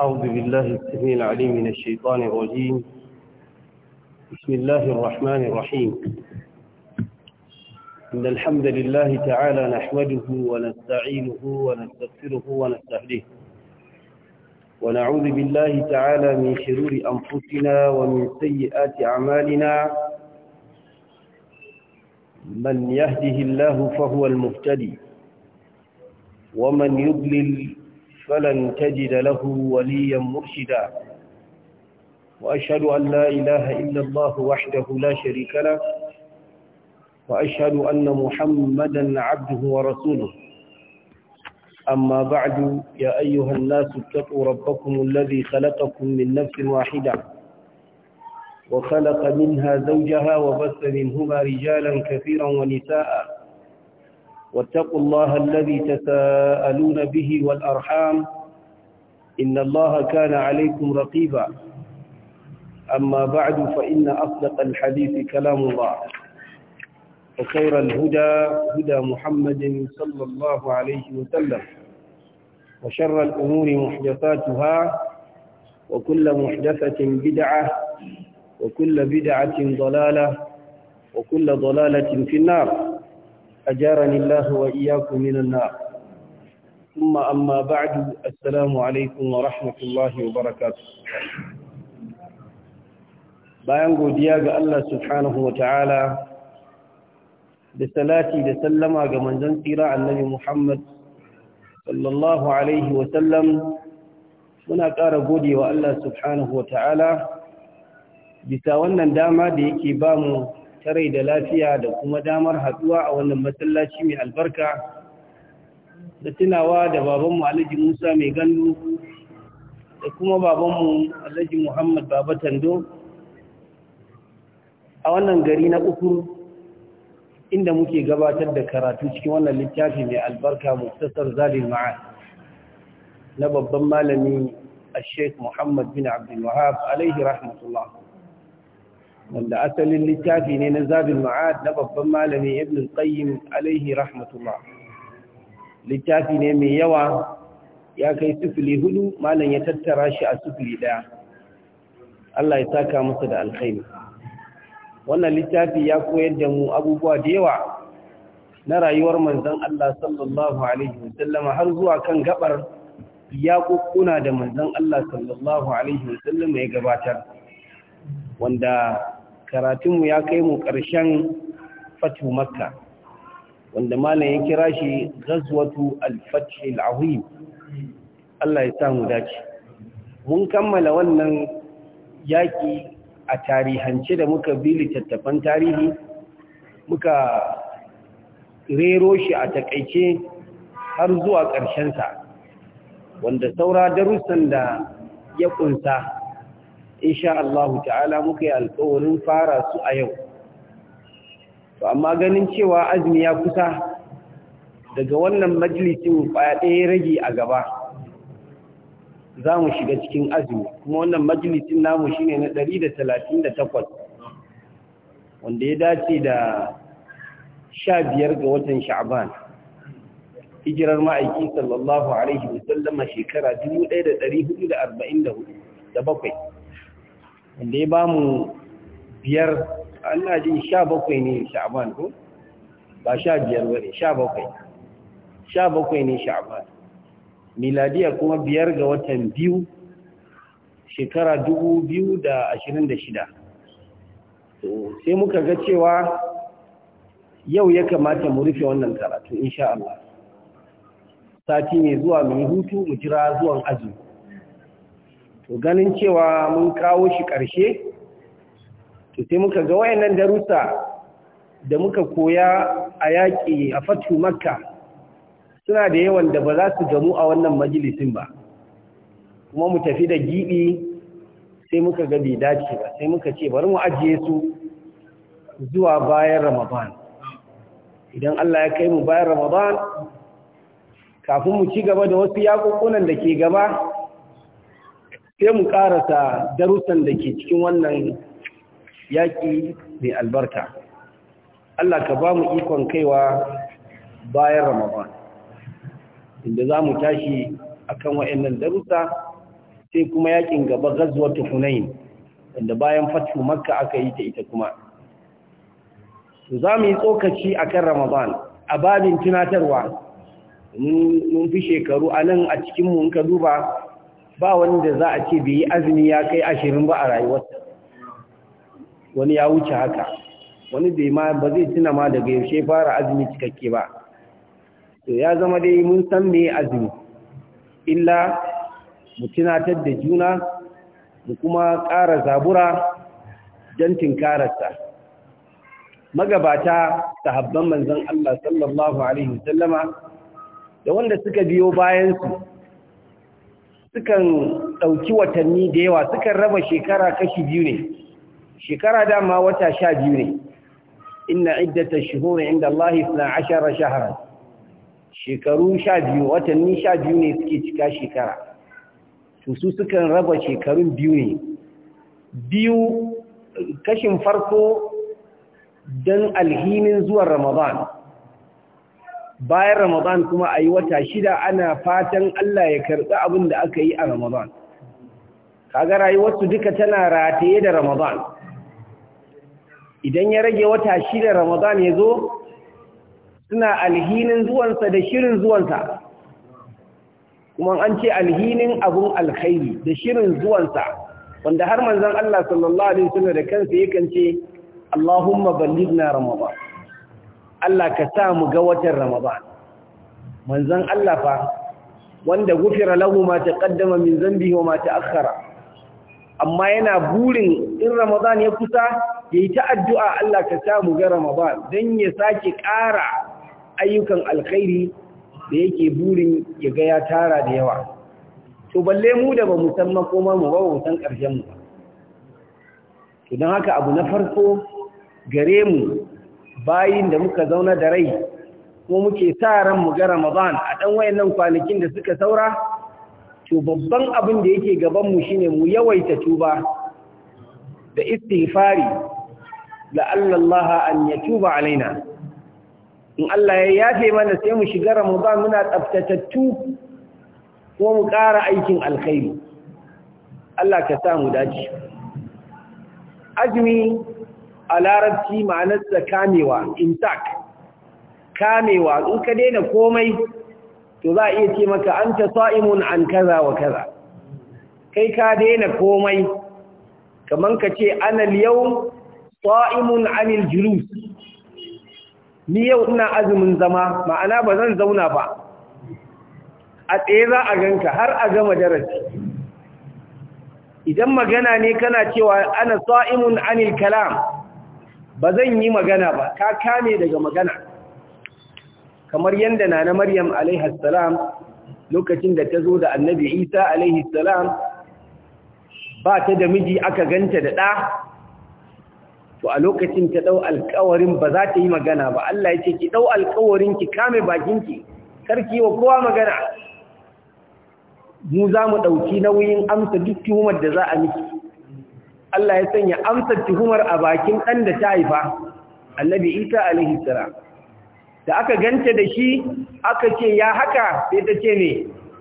أعوذ بالله السميع العليم من الشيطان الرجيم بسم الله الرحمن الرحيم إن الحمد لله تعالى نحمده ونستعينه ونستغفره ونستهديه ونعوذ بالله تعالى من شرور أنفسنا ومن سيئات أعمالنا من يهده الله فهو المهتدي ومن يضلل فلن تجد له وليا مرشدا وأشهد أن لا إله إلا الله وحده لا شريك له وأشهد أن محمدا عبده ورسوله أما بعد يا أيها الناس اتقوا ربكم الذي خلقكم من نفس واحدة وخلق منها زوجها وبث منهما رجالا كثيرا ونساء واتقوا الله الذي تساءلون به والأرحام إن الله كان عليكم رقيبا أما بعد فإن أصدق الحديث كلام الله وخير الهدى هدى محمد صلى الله عليه وسلم وشر الأمور محدثاتها وكل محدثة بدعة وكل بدعة ضلالة وكل ضلالة في النار أجارني الله وإياكم من Kuma amma أما بعد السلام wa rahmatullahi wa barakatu. bayan godiya ga Allah subhanahu wa ta'ala da salati da sallama ga manzon tsira annabi Muhammad sallallahu alaihi wa sallam muna ƙara gode wa Allah subhanahu wa ta'ala bisa wannan dama da yake ba mu rai da lafiya da kuma damar haɗuwa a wannan masallaci mai albarka da tunawa da babanmu alhaji musa mai gandu da kuma babanmu alhaji muhammad baba tando a wannan gari na uku inda muke gabatar da karatu cikin wannan littafi mai albarka muktasar zalil ma'a na babban malami a muhammad Muhammad bin الوهاب alaihi rahmatullahi wanda asalin littafi ne na zabin ma'ad na babban malami ibn qayyim alaihi rahmatullah littafi ne mai yawa ya kai sufuli hudu malam ya tattara shi a sufuli daya Allah ya saka masa da alkhairi wannan littafi ya koyar da mu abubuwa da yawa na rayuwar manzon Allah sallallahu alaihi wasallam har zuwa kan gabar ya kukkuna da manzon Allah sallallahu alaihi wasallam ya gabatar wanda karatunmu ya kai mu ƙarshen fatu makka wanda malam ya kira shi gazwatu al al’ahuyi Allah ya samu dace mun kammala wannan yaƙi a tarihance da muka bi littattafan tarihi muka rero shi a takaice har zuwa ƙarshensa wanda saura darussan da ya ƙunsa. insha Allah ta'ala muka yi alƙawarin fara su a yau to amma ganin cewa azumi ya kusa daga wannan majalisin kwaya ɗaya rage a gaba za mu shiga cikin azumi kuma wannan majalisin namu shine na 138 wanda ya dace da 15 ga watan sha'ban hijirar ma'aiki sallallahu alaihi wasallama shekara 1444 da bakwai inda ya ba mu biyar Allah ji sha bakwai ne sha'aban ko ba sha biyar wani sha bakwai sha bakwai ne sha'aban miladiya kuma biyar ga watan biyu shekara dubu biyu da ashirin da shida sai muka ga cewa yau ya kamata mu rufe wannan karatu insha Allah sati ne zuwa mu yi hutu mu jira zuwan azumi to ganin cewa mun kawo shi ƙarshe to sai muka ga wayannan darussa da muka koya a yaƙi a fatu makka suna da yawan da ba za su gamu a wannan majalisin ba kuma mu tafi da giɓi sai muka ga bai dace ba sai muka ce bari mu ajiye su zuwa bayan ramadan idan Allah ya kai mu bayan ramadan kafin mu ci gaba da wasu yaƙuƙunan da ke gaba sai mu karasa darussan da ke cikin wannan yaƙi mai albarka Allah ka ba mu ikon kaiwa bayan ramadan inda za mu tashi a kan wa'annan darussa sai kuma yaƙin gaba gazwatu hunain wanda bayan fatu makka aka yi ta ita kuma za mu yi tsokaci akan ramadan a babin tunatarwa mun fi shekaru a nan a cikinmu in ka duba ba wani da za a ce bai yi azumi ya kai ashirin ba a rayuwarsa wani ya wuce haka wani bai ma ba zai tuna ma daga yaushe fara azumi cikakke ba to ya zama dai mun san me azumi illa mu tunatar da juna mu kuma ƙara zabura don tinkararsa magabata sahabban manzon Allah sallallahu alaihi wasallama da wanda suka biyo bayan su. sukan ɗauki watanni da yawa sukan raba shekara kashi biyu ne shekara dama wata sha biyu ne inna iddata shuhuri inda Allah isna ashara shahara. shekaru sha biyu watanni sha biyu ne suke cika shekara to su sukan raba shekarun biyu ne biyu kashin farko don alhimin zuwan ramadan bayan Ramadan kuma a yi wata shida ana fatan Allah ya karɓi abin da aka yi a Ramadan. Kaga rayuwarsu duka tana rataye da Ramadan. Idan ya rage wata shida Ramadan ya zo, suna alhinin zuwansa da shirin zuwansa. Kuma an ce alhinin abun alkhairi da shirin zuwansa, wanda har manzon Allah sallallahu Alaihi wasallam da kansa yakan ce, Allahumma na Ramadan. Allah ka sa mu ga watan Ramadan manzon Allah fa wanda gufira lahu ma taqaddama min zambihi wa ma ta'akhkhara amma yana burin in Ramadan ya kusa yayi ta'addu'a Allah ka sa mu ga Ramadan dan ya sake ƙara ayyukan alkhairi da yake burin ya ga ya tara da yawa to balle mu da ba mu san makoma mu ba mu san karshen mu to dan haka abu na farko gare mu bayin da muka zauna da rai kuma muke sa ran mu ga Ramadan a dan wayannan kwanakin da suka saura to babban abin da yake gaban mu shine mu yawaita tuba da istighfari la Allah an yatuba alaina in Allah ya yafe mana sai mu shiga Ramadan muna tsaftatattu kuma mu ƙara aikin alkhairi Allah ka sa mu dace azumi a larabci ma'anarsa kamewa intak kamewa in ka daina komai to za a iya ce maka an ta sa'imun an kaza wa kaza kai ka daina komai kaman ka ce anal yau sa'imun anil julus ni yau ina azumin zama ma'ana ba zan zauna ba a tsaye za a ganka har a gama darasi idan magana ne kana cewa ana sa'imun anil kalam ba zan yi magana ba ka kame daga magana kamar yadda na maryam alaihi salam lokacin da ta zo da annabi isa alaihi salam ba ta da miji aka ganta da ɗa to a lokacin ta ɗau alkawarin ba za ta yi magana ba Allah ya ce ki ɗau alkawarin ki kame bakinki karki wa kowa magana mu za mu ɗauki nauyin amsa duk tuhumar da za a miki Allah ya sanya amsar tuhumar a bakin ɗan da ta haifa annabi isa alaihi da aka ganta da shi aka ce ya haka sai ta ce ne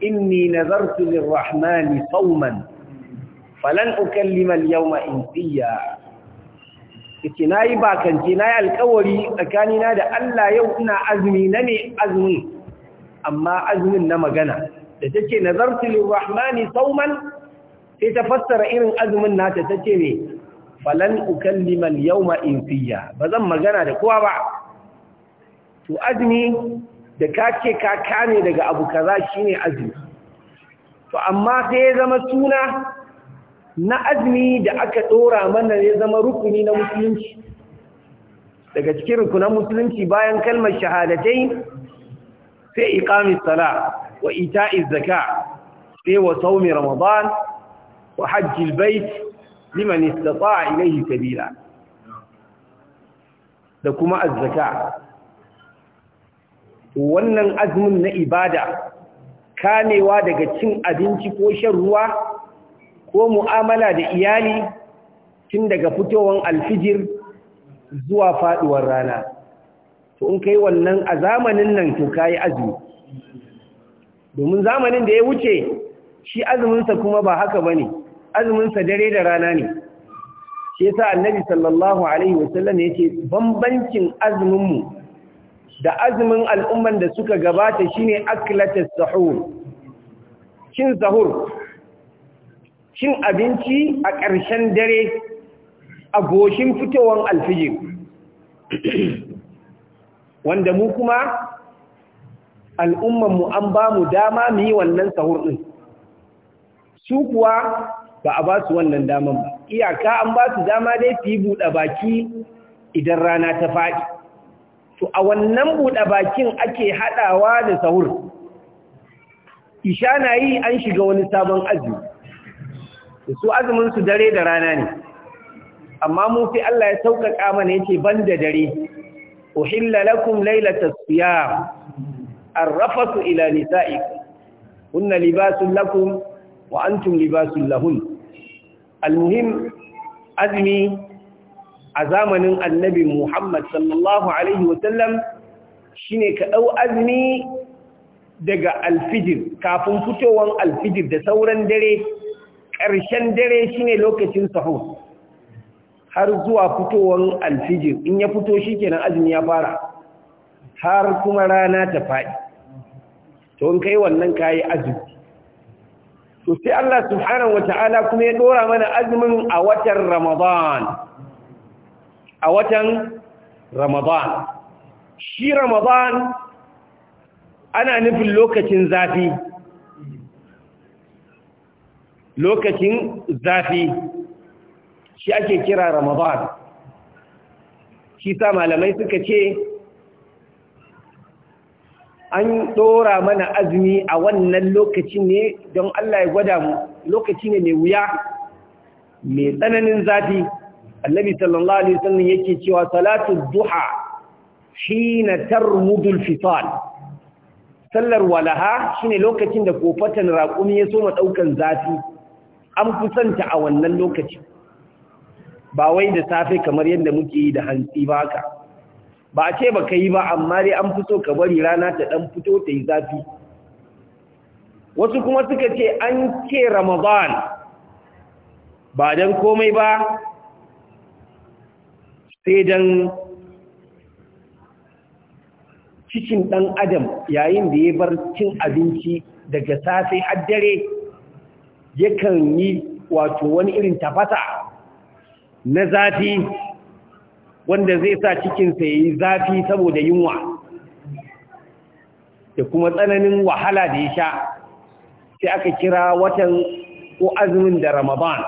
inni nazartu lirrahmani sauman falan ukallima alyawma insiya yace nayi bakance yi alƙawari tsakanina da Allah yau ina azumi na ne azumi amma azumin na magana da take nazartu lirrahmani sauman sai ta fassara irin azumin nata ta ce me falan ukalliman yawma infiya ba zan magana da kowa ba to azumi da kake ka kame daga abu kaza shine azumi to amma sai ya zama suna na azumi da aka dora mana ya zama rukuni na musulunci daga cikin rukunan musulunci bayan kalmar shahadatai sai iqamis wa ita'iz zakat sai wa saumi ramadan wa hajjil bait liman istata'a ilayhi sabila da kuma azzaka wannan azumin na ibada kamewa daga cin abinci ko shan ruwa ko mu'amala da iyali tun daga fitowar alfijir zuwa faduwar rana to in kai wannan a zamanin nan to kai azumi domin zamanin da ya wuce shi azuminsa kuma ba haka bane azumin sa dare da rana ne shi yasa annabi sallallahu alaihi wasallam yace bambancin azuminmu da azumin al'umman da suka gabata shine aklatus sahur cin sahur cin abinci a ƙarshen dare a goshin fitowar alfijir wanda mu kuma al'ummanmu an ba mu dama mu yi wannan sahur ɗin su kuwa ba a ba su wannan daman ba iyaka an ba su dama dai su yi buɗe baki idan rana ta faɗi to a wannan buɗa bakin ake haɗawa da sahur isha na yi an shiga wani sabon azumi su azuminsu dare da rana ne amma mu fi Allah ya sauƙaƙa mana yace da dare uhilla lakum laylatas siyam arrafatu ila nisaikum kunna libasun lakum wa antum libasul lahun azumi a zamanin annabi Muhammad sallallahu alaihi wasallam shine kaɗau azumi daga alfijir kafin fitowan alfijir da sauran dare ƙarshen dare shine lokacin sahur har zuwa fitowan alfijir in ya fito shi kenan azumi ya fara har kuma rana ta faɗi to in kai wannan kayi azumi to sai Allah subhanahu wata'ala kuma ya dora mana azumin a watan Ramadan a watan Ramadan shi Ramadan ana nufin lokacin zafi lokacin zafi shi ake kira Ramadan shi sa malamai suka ce an ɗora mana azumi a wannan lokaci ne don Allah ya gwada mu lokaci ne mai wuya mai tsananin zafi annabi sallallahu alaihi wasallam yake cewa salatu duha hina tarmudul fital sallar walaha shine lokacin da kofatan raƙumi ya soma ɗaukan zafi an kusanta a wannan lokaci ba wai da safe kamar yadda muke yi da hantsi ba ka. ba a ce ba ka yi ba amma dai an fito ka bari rana ta ɗan fito ta yi zafi wasu kuma suka ce an ce ramadan ba dan komai ba sai don cikin ɗan adam yayin da ya bar cin abinci daga safe har dare yakan yi wato wani irin tafasa na zafi wanda zai sa cikinsa ya yi zafi saboda yunwa da kuma tsananin wahala da ya sha sai aka kira watan ko azumin da ramadan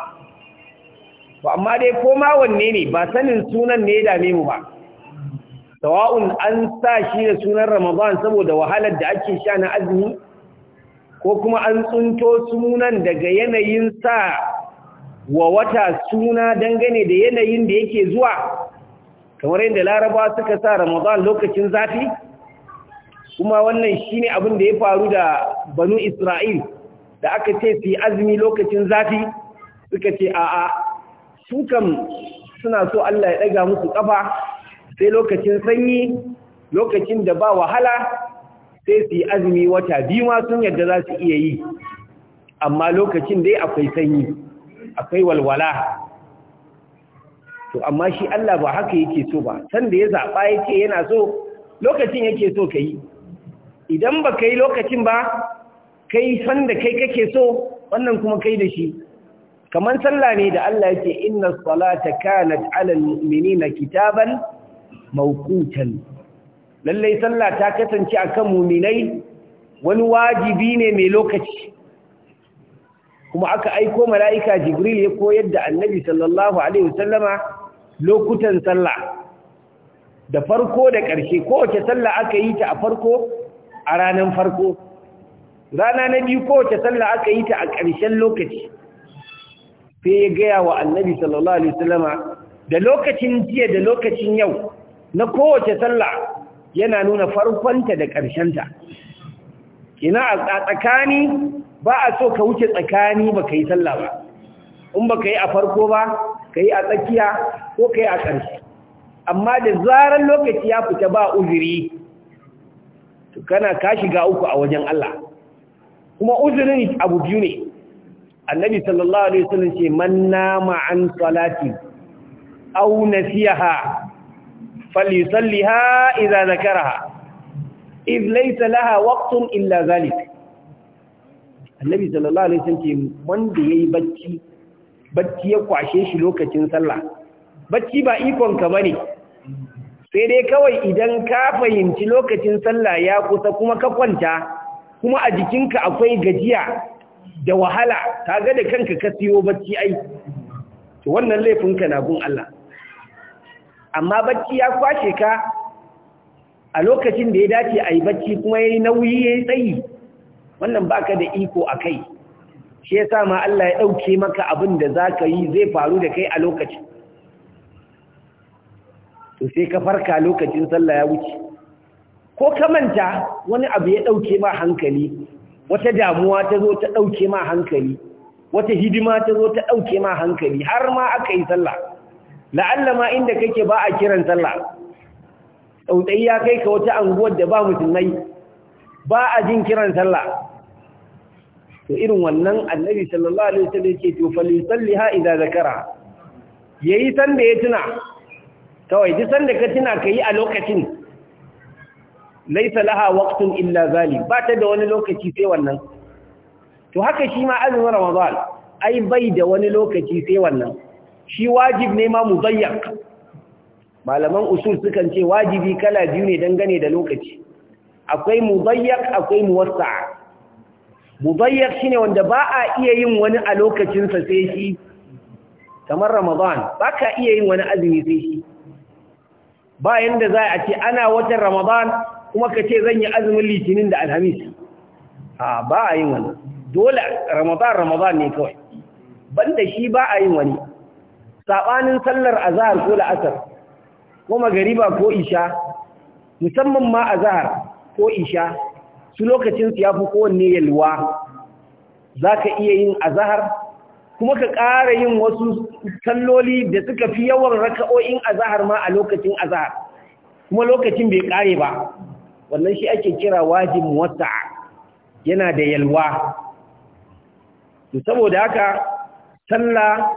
ba amma dai koma wanne ne ba sanin sunan ne ya dame mu ba sawa'un an sa shi da sunan ramadan saboda wahalar da ake sha na azumi ko kuma an tsunto sunan daga yanayin sa wa wata suna dangane da yanayin da yake zuwa kamar yadda laraba suka sa ramadan lokacin zafi kuma wannan shine abin da ya faru da banu isra'il da aka ce su azumi lokacin zafi suka ce a'a su kam suna so Allah ya ɗaga musu ƙafa, sai lokacin sanyi lokacin da ba wahala sai su azumi wata biyu ma sun yadda za su iya yi amma lokacin dai akwai sanyi akwai walwala to amma shi Allah ba haka yake so ba san da ya zaɓa yake yana so lokacin yake so ka idan ba kai lokacin ba kai san da kai kake so wannan kuma kai da shi kamar sallah ne da Allah yake inna salata kanat ala almu'minina kitaban mawqutan lallai sallah ta kasance akan mu'minai wani wajibi ne mai lokaci kuma aka aiko mala'ika jibril ya koyar da annabi sallallahu alaihi wasallama lokutan sallah da farko da ƙarshe kowace sallah aka yi ta a farko a ranar farko rana na biyu kowace sallah aka yi ta a ƙarshen lokaci sai ya gaya wa annabi sallallahu alaihi Salama, da lokacin jiya da lokacin yau na kowace sallah yana nuna farkonta da ƙarshenta ina a tsakani ba a so ka wuce tsakani ba ka yi sallah ba in ba ka yi a farko ba ka yi a tsakiya ko ka yi a ƙarshe amma da zarar lokaci ya fita ba uzuri to kana ka shiga uku a wajen Allah kuma uzurin abu biyu ne annabi sallallahu alaihi wasallam ce man nama an salati aw nasiyaha falyusalliha idza zakaraha id laysa laha waqtun illa zalik annabi sallallahu alaihi wasallam ce wanda yayi bacci bacci ya kwashe shi lokacin sallah bacci ba ikonka ka bane sai dai kawai idan ka fahimci lokacin sallah ya kusa kuma ka kwanta kuma a jikinka akwai gajiya da wahala ga da kanka ka siyo bacci ai to wannan laifinka na gun Allah amma bacci ya kwashe ka a lokacin da ya dace a yi bacci kuma ya yi nauyi ya yi tsayi wannan ba ka da iko a kai shi ya sa ma Allah ya ɗauke maka abin da za ka yi zai faru da kai a lokacin to sai ka farka lokacin sallah ya wuce ko ka manta wani abu ya ɗauke ma hankali wata damuwa ta zo ta ɗauke ma hankali wata hidima ta zo ta ɗauke ma hankali har ma aka yi sallah la'alla ma inda kake ba a kiran sallah tsautsayi ya kai ka wata anguwar da ba musulmai ba a jin kiran sallah to irin wannan annabi sallallahu alaihi wasallam yake to falisalliha idza zakara yayi san da ya tuna kawai duk san da ka tuna kai a lokacin laysa laha waqtun illa zali ba ta da wani lokaci sai wannan to haka shi ma azumin ramadan ai bai da wani lokaci sai wannan shi wajib ne ma muzayyak malaman usul sukan ce wajibi kala biyu ne dangane da lokaci akwai muzayyak akwai muwassa'a mudayyar ne wanda ba a iya yin wani a lokacinsa sai shi kamar ramadan ba ka iya yin wani azumi sai shi ba yadda za a ce ana watan ramadan kuma ka ce zan yi azumin litinin da alhamis a ba a yin wani dole ramadan ramadan ne kawai banda shi ba a yin wani saɓanin sallar azahar ko la'asar ko gariba ko isha musamman ma azahar ko isha su lokacin su ya fi kowanne yalwa za ka iya yin azahar kuma ka ƙara yin wasu salloli da suka fi yawan raka'o'in azahar ma a lokacin azahar kuma lokacin bai ƙare ba wannan shi ake kira wajin wata yana da yalwa saboda haka sallah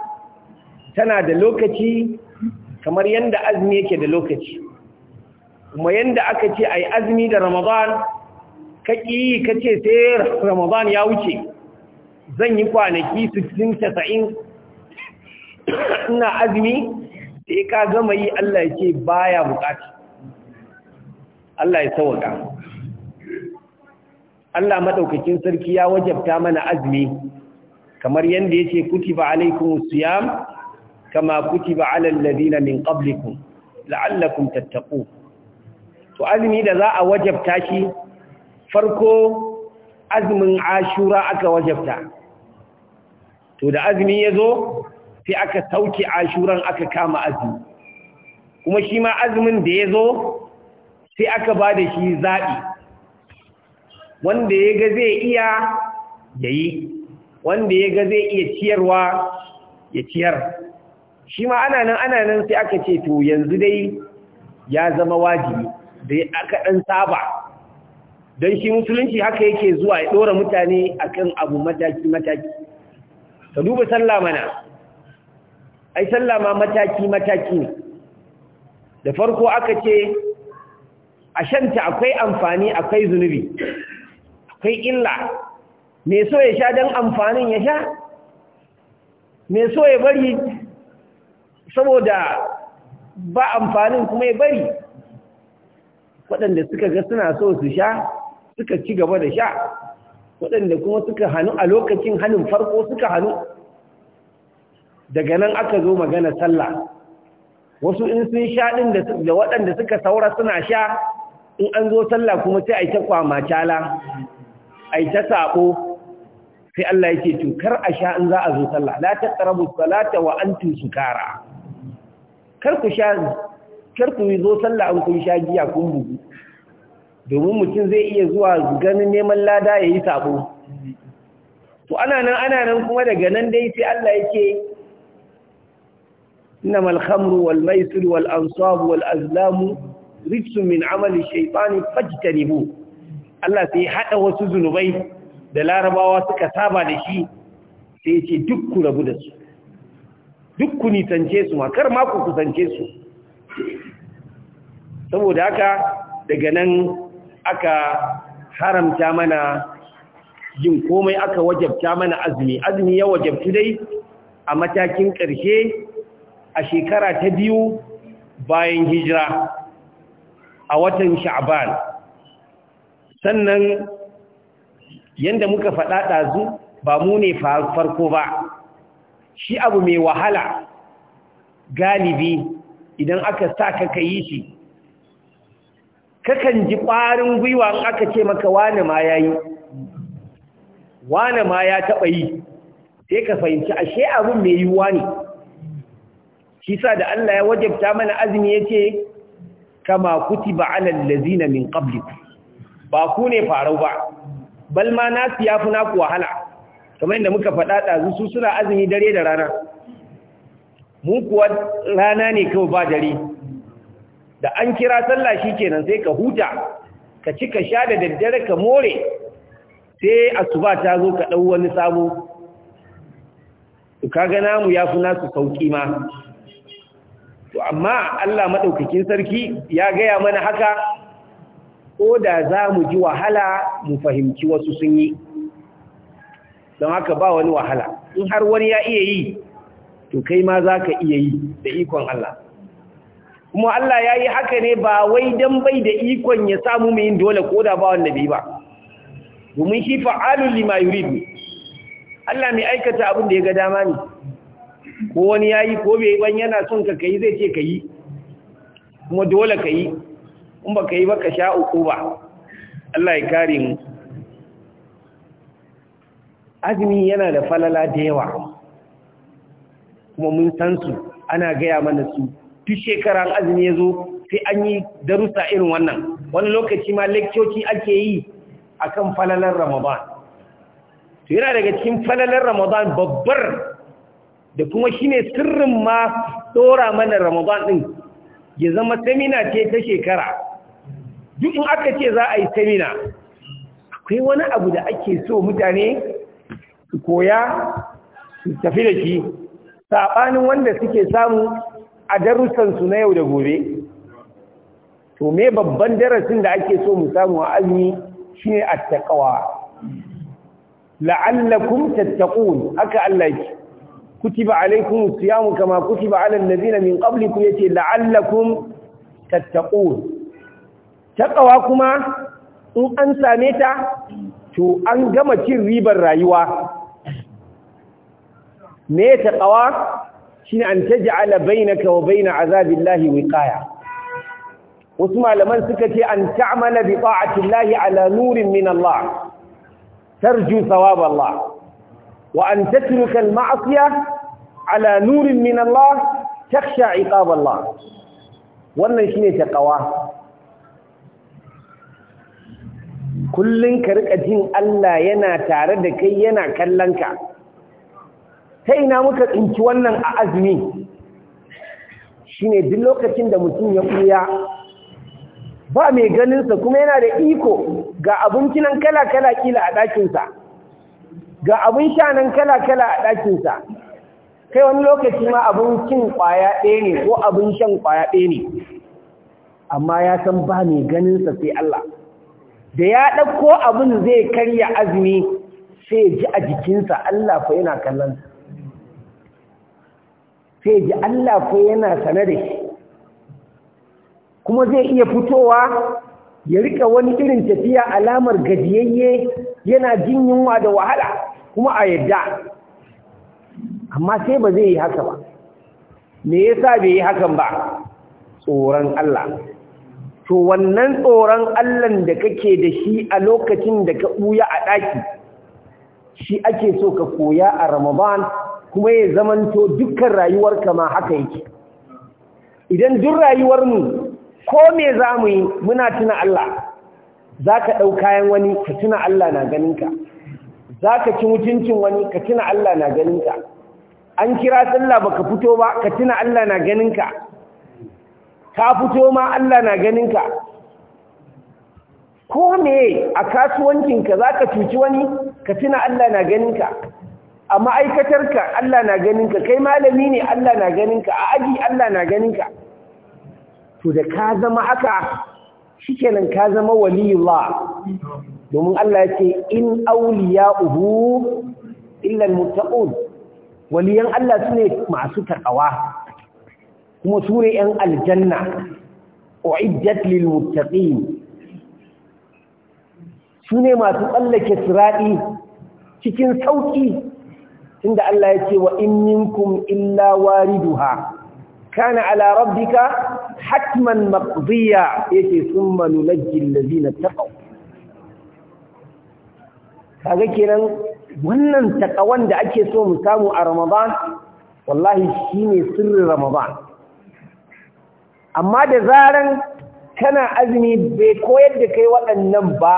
tana da lokaci kamar yadda azumi yake da lokaci kuma yadda aka ce a yi azumi da ramadan ka ƙi ka ce sai ramadan ya wuce zan yi kwanaki 60-90 ina azumi sai ka gama yi Allah ya ce baya bukati Allah ya sauwaka Allah maɗaukakin sarki ya wajabta mana azumi kamar yadda ya ce kutiba alaikum siyam kama kutiba alal ladina min qablikum la'allakum tattaku. to azumi da za a wajabta shi farko azumin ashura aka wajabta to da azumi ya zo sai aka sauke ashuran aka kama azumi kuma shi ma azumin da ya zo sai aka ba da shi zaɓi wanda ya ga zai iya ya yi wanda ya ga zai iya ciyarwa ya ciyar shi ma ana nan sai aka ce to yanzu dai ya zama wajibi da aka ɗan saba don shi musulunci haka yake zuwa ya ɗora mutane akan abu mataki-mataki ka duba sallah mana ai sallah ma mataki-mataki ne da farko aka ce a shanta akwai amfani akwai zunubi akwai illa me so ya sha don amfanin ya sha me so ya bari saboda ba amfanin kuma ya bari waɗanda suka ga suna so su sha suka ci gaba da sha waɗanda kuma suka hannu a lokacin hannun farko suka hannu daga nan aka zo magana sallah wasu in sun sha ɗin da waɗanda suka saura suna sha in an zo sallah kuma sai a yi ta kwamacala a yi ta saɓo sai Allah yake tukar kar a sha in za a zo sallah la ta ƙarabu salata wa an sukara kar ku sha kar ku zo sallah an kun sha giya kun bugu domin mutum zai iya zuwa ganin neman lada ya yi sabo to ana nan ana nan kuma daga nan dai sai Allah yake wal الخمر wal والأنصاب والأزلام رجس من amali الشيطان فاجتنبوه Allah sai haɗa wasu zunubai da larabawa suka saba da shi sai ce duk ku rabu da su duk ku nisance su kar ma ku kusance su saboda haka daga nan aka haramta mana jin komai aka wajabta mana azumi azumi ya wajabtu dai a matakin ƙarshe a shekara ta biyu bayan hijira a watan sha'ban sannan yanda muka faɗa ɗazu ba mu ne farko ba shi abu mai wahala galibi idan aka sa ka kayi shi kakan ji ƙwarin gwiwa in aka ce maka wane ma ya yi wane ma ya taɓa yi sai ka fahimci ashe abin mai yiwuwa ne shi sa da Allah ya wajabta mana azumi ya ce kama ba alal lazina min qablik ba ku ne farau ba bal ma nasu fi naku wahala kamar inda muka faɗa ɗazu su suna azumi dare da rana mu kuwa rana ne kawai ba dare da an kira sallah shi kenan sai ka huta ka ci ka sha da daddare ka more sai asuba ta zo ka dau wani sabo to kaga namu ya yafi nasu sauki ma to amma Allah madaukakin sarki ya gaya mana haka ko da za mu ji wahala mu fahimci wasu sun yi don haka ba wani wahala in har wani ya iya yi to kai ma za ka iya yi da ikon Allah kuma Allah ya yi haka ne ba wai dan bai da ikon ya samu mai yin dole ko da ba wanda bai ba domin shi fa'alun lima yuridu Allah mai aikata abin da ya ga dama ne ko wani ya yi ko bai ban yana son ka kayi zai ce ka yi kuma dole ka yi in ba ka yi ba ka sha uku ba Allah ya kare mu azumi yana da falala da yawa kuma mun san su ana gaya mana su duk shekara azumi ya zo sai an yi darussa irin wannan wani lokaci ma lekcoci ake yi akan falalar ramadan to yana daga cikin falalar ramadan babbar da kuma shine sirrin ma dora mana ramadan din ya zama semina ce ta shekara duk in aka ce za a yi semina akwai wani abu da ake so mutane su koya su tafi da shi saɓanin wanda suke samu a darussansu na yau da gobe to me babban darasin da ake so mu samu a azumi shine attaqwa la'allakum tattaqun haka Allah yake kutiba alaykum siyamu kama kutiba alal zina min qablikum yace la'allakum tattaqun taqwa kuma in an same ta to an gama cin ribar rayuwa me taqwa shine an taj'ala bainaka wa bain azabillahi wiqaya wasu malaman suka ce an ta'mala bi ta'atillahi ala nurin min Allah tarju thawab Allah wa an tatruka al-ma'siyah ala nurin min Allah takhsha 'iqab Allah wannan shine taqwa kullun ka rika jin Allah yana tare da kai yana kallon ka ta ina muka tsinci wannan a azumi ne duk lokacin da mutum ya kuya ba mai ganinsa kuma yana da iko ga abinci nan kala-kala kila a ɗakinsa ga abin sha nan kala-kala a ɗakinsa kai wani lokaci ma abincin ƙwaya ɗaya ne ko abin shan ƙwaya ɗaya ne amma ya san ba mai ganinsa sai Allah da ya ɗauko abin zai karya azumi sai ji a jikinsa Allah fa yana kallonsa sai ji Allah ko yana sane da shi kuma zai iya fitowa ya rika wani irin tafiya alamar gajiyayye yana jin yunwa da wahala kuma a yadda amma sai ba zai yi haka ba me yasa bai yi hakan ba tsoron Allah to wannan tsoron Allah da kake da shi a lokacin da ka buya a daki shi ake so ka koya a Ramadan kuma ya zamanto dukkan rayuwar kama haka yake idan duk rayuwarmu ko me za mu yi muna tuna Allah za ka ɗau kayan wani ka tuna Allah na ganinka za ka ci mutuncin wani ka tuna Allah na ganinka an kira sallah ba ka fito ba ka tuna Allah na ganinka ka fito ma Allah na ganinka ko me a kasuwancinka za ka cuci wani ka tuna Allah na ganinka a ma'aikatarka Allah na ganinka kai malami ne Allah na ganinka a aji Allah na ganinka to da ka zama haka shikenan ka zama waliyullah domin Allah ya ce in awliya'uhu illa almuttaqun waliyan Allah ne masu takawa kuma sune yan aljanna uiddat Su sune masu tsallake sirati cikin sauƙi. tunda Allah ya ce wa in minkum illa wariduha kana ala rabbika hatman maqdiya yace summa nulajji allazina taqaw kaga kenan wannan taqawan da ake so mu samu a Ramadan wallahi shine sirrin Ramadan amma da zaran kana azumi bai koyar da kai waɗannan ba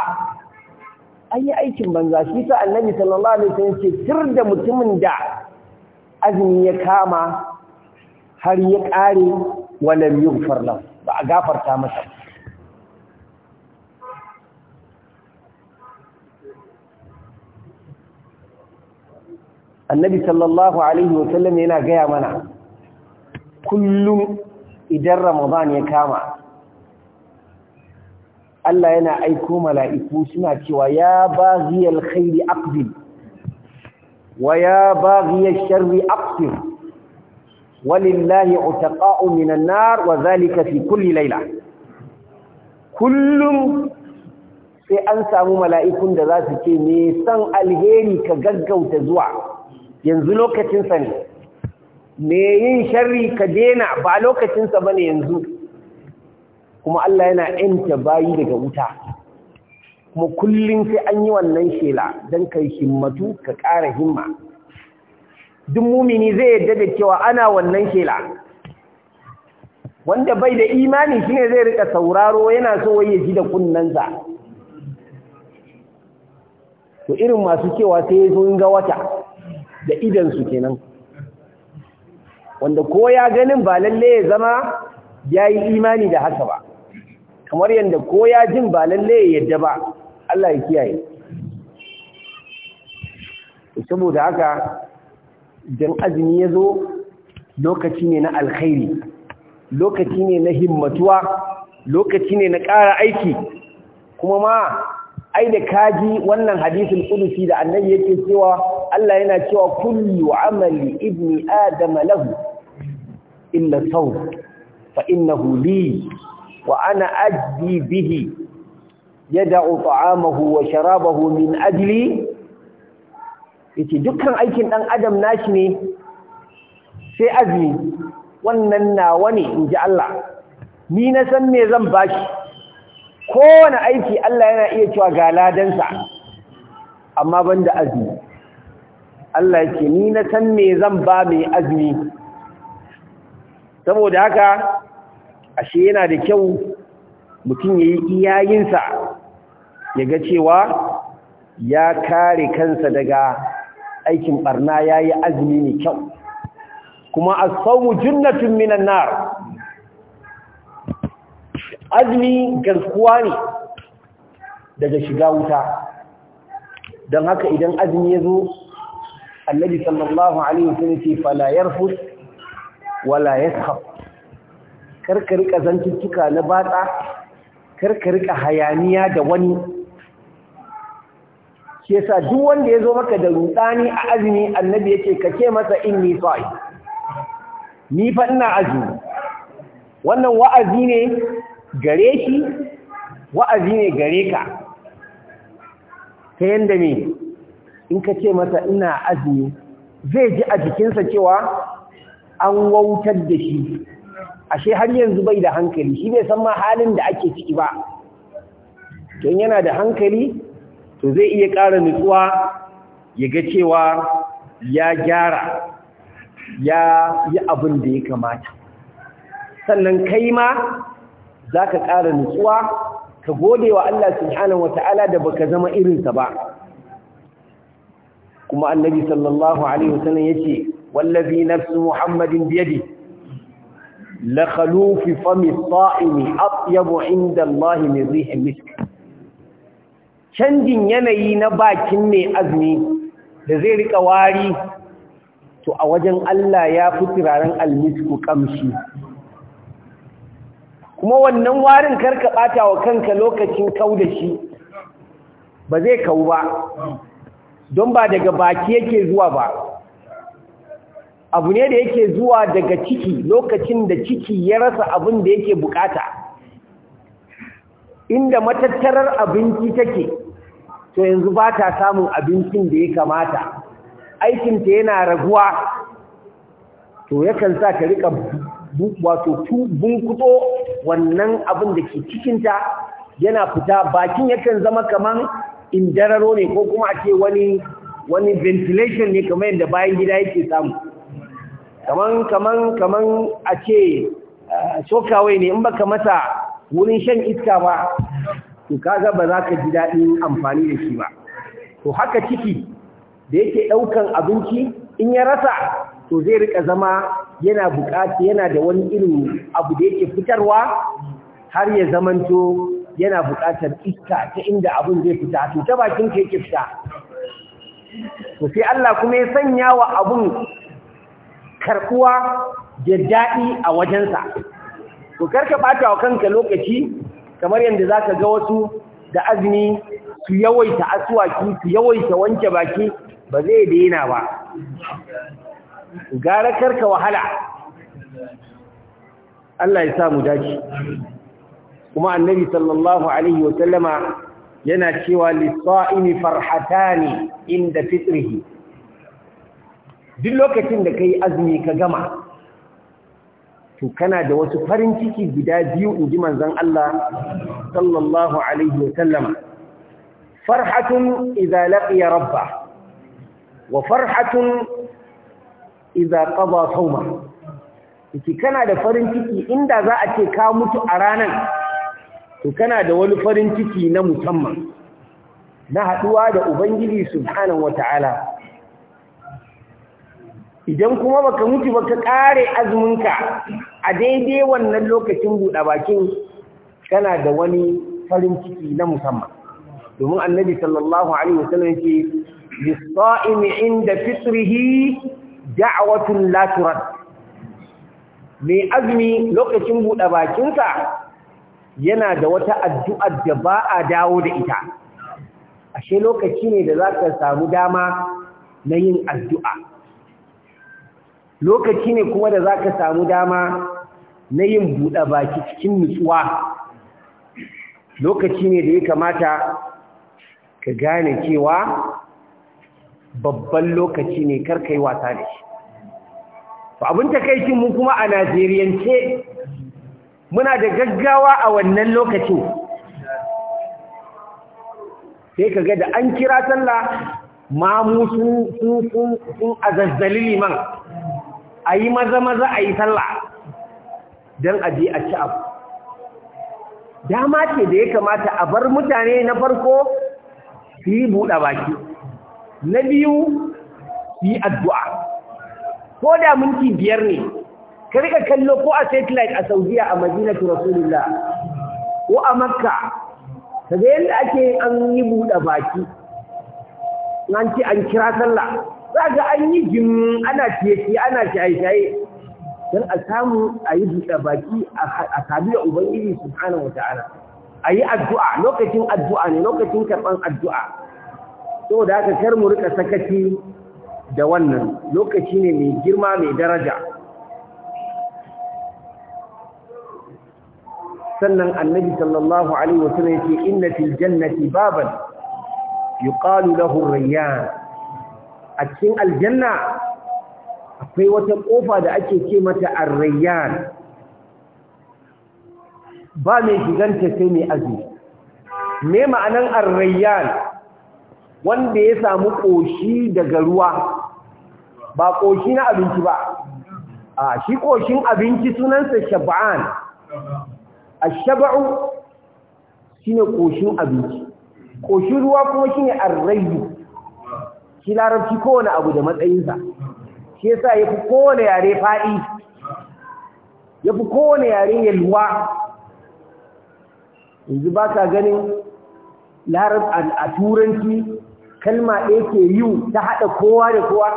an yi aikin banza shi sa annabi sallallahu alaihi wasallam ce tir da mutumin da azumi ya kama har ya kare wala yughfar lahu ba a gafarta masa annabi sallallahu alaihi wasallam yana gaya mana kullum idan ramadan ya kama Allah yana aiko mala'iku suna cewa ya baghiyal khairi aqbil wa ya baghiyash sharri aqsir walillahi utaqa'u minan nar wa zalika fi kulli layla kullum sai an samu mala'ikun da za su ce me san alheri ka gaggauta zuwa yanzu lokacinsa ne me yin sharri ka dena ba lokacinsa bane yanzu kuma Allah yana ‘yanta bayi daga wuta kuma kullum sai an yi wannan shela don kai himmatu ka ƙara himma duk mumini zai yadda da cewa ana wannan shela wanda bai da imani shi ne zai rika sauraro yana so waye ji da kunnansa to irin masu cewa sai ya sun ga wata da idansu kenan wanda ko ya ganin ba lalle ya zama ya yi imani da haka ba kamar yadda ko ya jin ba lalle ya yadda ba Allah ya kiyaye saboda haka dan azumi ya zo lokaci ne na alkhairi lokaci ne na himmatuwa lokaci ne na ƙara aiki kuma ma ai da kaji wannan hadisin kudusi da annabi yake cewa Allah yana cewa kullu amali ibni adama lahu illa sawm fa innahu li wa ana ajzi bihi yada'u ta'amahu wa sharabahu min ajli yace dukkan aikin dan adam nashi ne sai azmi wannan nawa ne inji Allah ni na san me zan bashi kowane aiki Allah yana iya cewa ga ladansa amma banda azmi Allah yake ni na san me zan ba mai azmi saboda haka ashe yana da kyau mutum ya yi iyayensa ya ga cewa ya kare kansa daga aikin barna ya yi azumi ne kyau kuma a asawmu junnatun minan nar azumi garkuwa ne daga shiga wuta don haka idan azumi ya zo annabi sallallahu alaihi wasallam ce fala yarfus wala yaskhab karka rika zantuttuka na batsa karka rika hayaniya da wani Ke sa duk wanda ya zo maka da rudani a azumi annabi yake ka ce masa inni sa'i ni fa ina azumi wannan wa'azi ne gare shi wa'azi ne gare ka ta yanda me in ka ce masa ina azumi zai ji a jikinsa cewa an wautar da shi ashe har yanzu bai da hankali shi bai san ma halin da ake ciki ba to yana da hankali to zai iya ƙara nutsuwa ya ga cewa ya gyara ya yi abin da ya kamata sannan kai ma za ka ƙara nutsuwa ka gode wa Allah subhanahu wa ta'ala da baka zama irinsa ba kuma annabi sallallahu alaihi wasallam yace wallazi nafsu muhammadin biyadihi la khalufi fami sa'imi atyabu inda Allah min rihi misk canjin yanayi na bakin mai azumi da zai rika wari to a wajen Allah ya fi turaren almisku kamshi kuma wannan warin karka bata wa kanka lokacin kau da shi ba zai kau ba don ba daga baki yake zuwa ba abu ne da yake zuwa daga ciki lokacin da ciki ya rasa abin da yake bukata inda matattarar abinci take to yanzu ba ta samun abincin da ya kamata aikinta yana raguwa to yakan sa ta rika wato bunkuto wannan abin da ke cikinta yana fita bakin yakan zama kaman indararo ne ko kuma a ce wani wani ventilation ne kamar yadda bayan gida yake samu kaman kaman kaman a ce eh, sokawai ne in baka masa wurin shan iska ba to kaga ba za ka ji daɗin amfani da shi ba to haka ciki da yake ɗaukan abinci in ya rasa to zai rika zama yana buƙaci yana da wani irin abu da yake fitarwa har ya zamanto yana buƙatar iska ta inda abin zai fita to ta bakin ka yake fita to sai Allah kuma ya sanya wa abun karkuwa da daɗi a wajensa to karka ɓata wa kanka lokaci kamar yadda za ka ga wasu da azumi su yawaita asuwaki su yawaita wanke baki ba zai daina ba gara karka wahala Allah ya samu daji. kuma annabi sallallahu alaihi wa yana cewa lissa'ini farhata ne, inda fitrihi duk lokacin da ka yi azumi ka gama to kana da wasu farin ciki guda biyu in ji manzon Allah sallallahu alaihi wa sallama farhatun idza laqiya rabba wa farhatun idza qada sawma kana da farin ciki inda za a ce ka mutu a ranan to kana da wani farin ciki na musamman na haɗuwa da ubangiji subhanahu wataala idan kuma baka mutu ba ka kare azuminka a daidai wannan lokacin buɗa bakin kana da wani farin ciki na musamman domin annabi sallallahu alaihi wasallam yake lis-sa'imi inda fitrihi da'watun la turad mai azumi lokacin buɗa bakinsa yana da wata addu'a da ba a dawo da ita ashe lokaci ne da za ka samu dama na yin addu'a lokaci ne kuma da za ka samu dama na yin buɗe baki cikin nutsuwa lokaci ne da ya kamata ka gane cewa babban lokaci ne kar yi wasa da shi abin takaicin mu kuma a najeriyance muna da gaggawa a wannan lokacin sai ka ga da an kira sallah mamu sun azazzali liman a yi maza maza a yi sallah don a je a ci abu dama ce da ya kamata a bar mutane na farko su yi buɗa baki na biyu su yi addu'a ko da minti biyar ne ka kallo ko a satellite a saudiya a madinatu rasulullah ko a makka ka ga yadda ake an yi buɗa baki an ce an kira sallah za ga an yi jin ana ciye-ciye ana shaye-shaye don a samu a yi buɗe baki a sabiya ubangiji hana wata ana a yi addu'a lokacin addu'a ne lokacin karɓar addu'a So da aka kar mu rika sakaci da wannan lokaci ne mai girma mai daraja sannan annabi sallallahu alaihi ne ke inna fil jannati baban yuqalu lahu rayyan a cikin aljanna akwai wata kofa da ake ce mata arrayyan ba mai giganta sai mai azumi me ma'anan arrayyan wanda ya samu koshi daga ruwa ba koshi na abinci ba a shi koshin abinci sunansa shaba'an shi shine koshin abinci koshin ruwa kuma shine arrayyu shi larabci kowane abu da matsayinsa shi yasa ya fi kowane yare faɗi ya fi kowane yare yalwa yanzu ba ka ganin larab a turanci kalma ɗaya ke yiwu ta haɗa kowa da kowa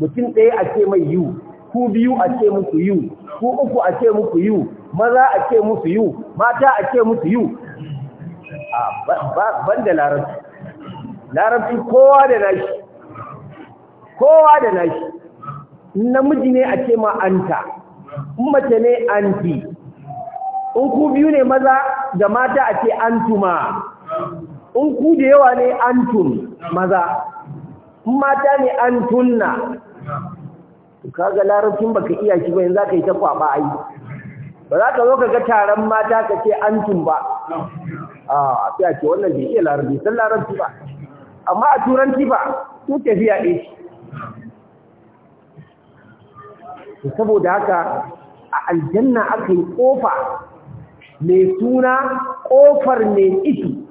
mutum ɗaya a ce mai yiwu ku biyu a ce muku yiwu ku uku a ce muku yiwu maza a ce musu yiwu mata a ce musu yiwu ban da larabci larabci kowa da nashi kowa da nashi namiji ne a ce ma anta mace ne anti in ku biyu ne maza da mata a ce antuma in ku da yawa ne antun maza mata ne antunna kaga larabcin baka iya shi ba yanzu ka yi ta kwaba ai ba za ka zo ka ga taron mata ka ce antun ba a sai ce wannan bai iya larabci san larabci ba amma a turanci ba su tafiya ɗe shi. saboda haka a aljanna aka yi ƙofa mai suna ƙofar mai ishi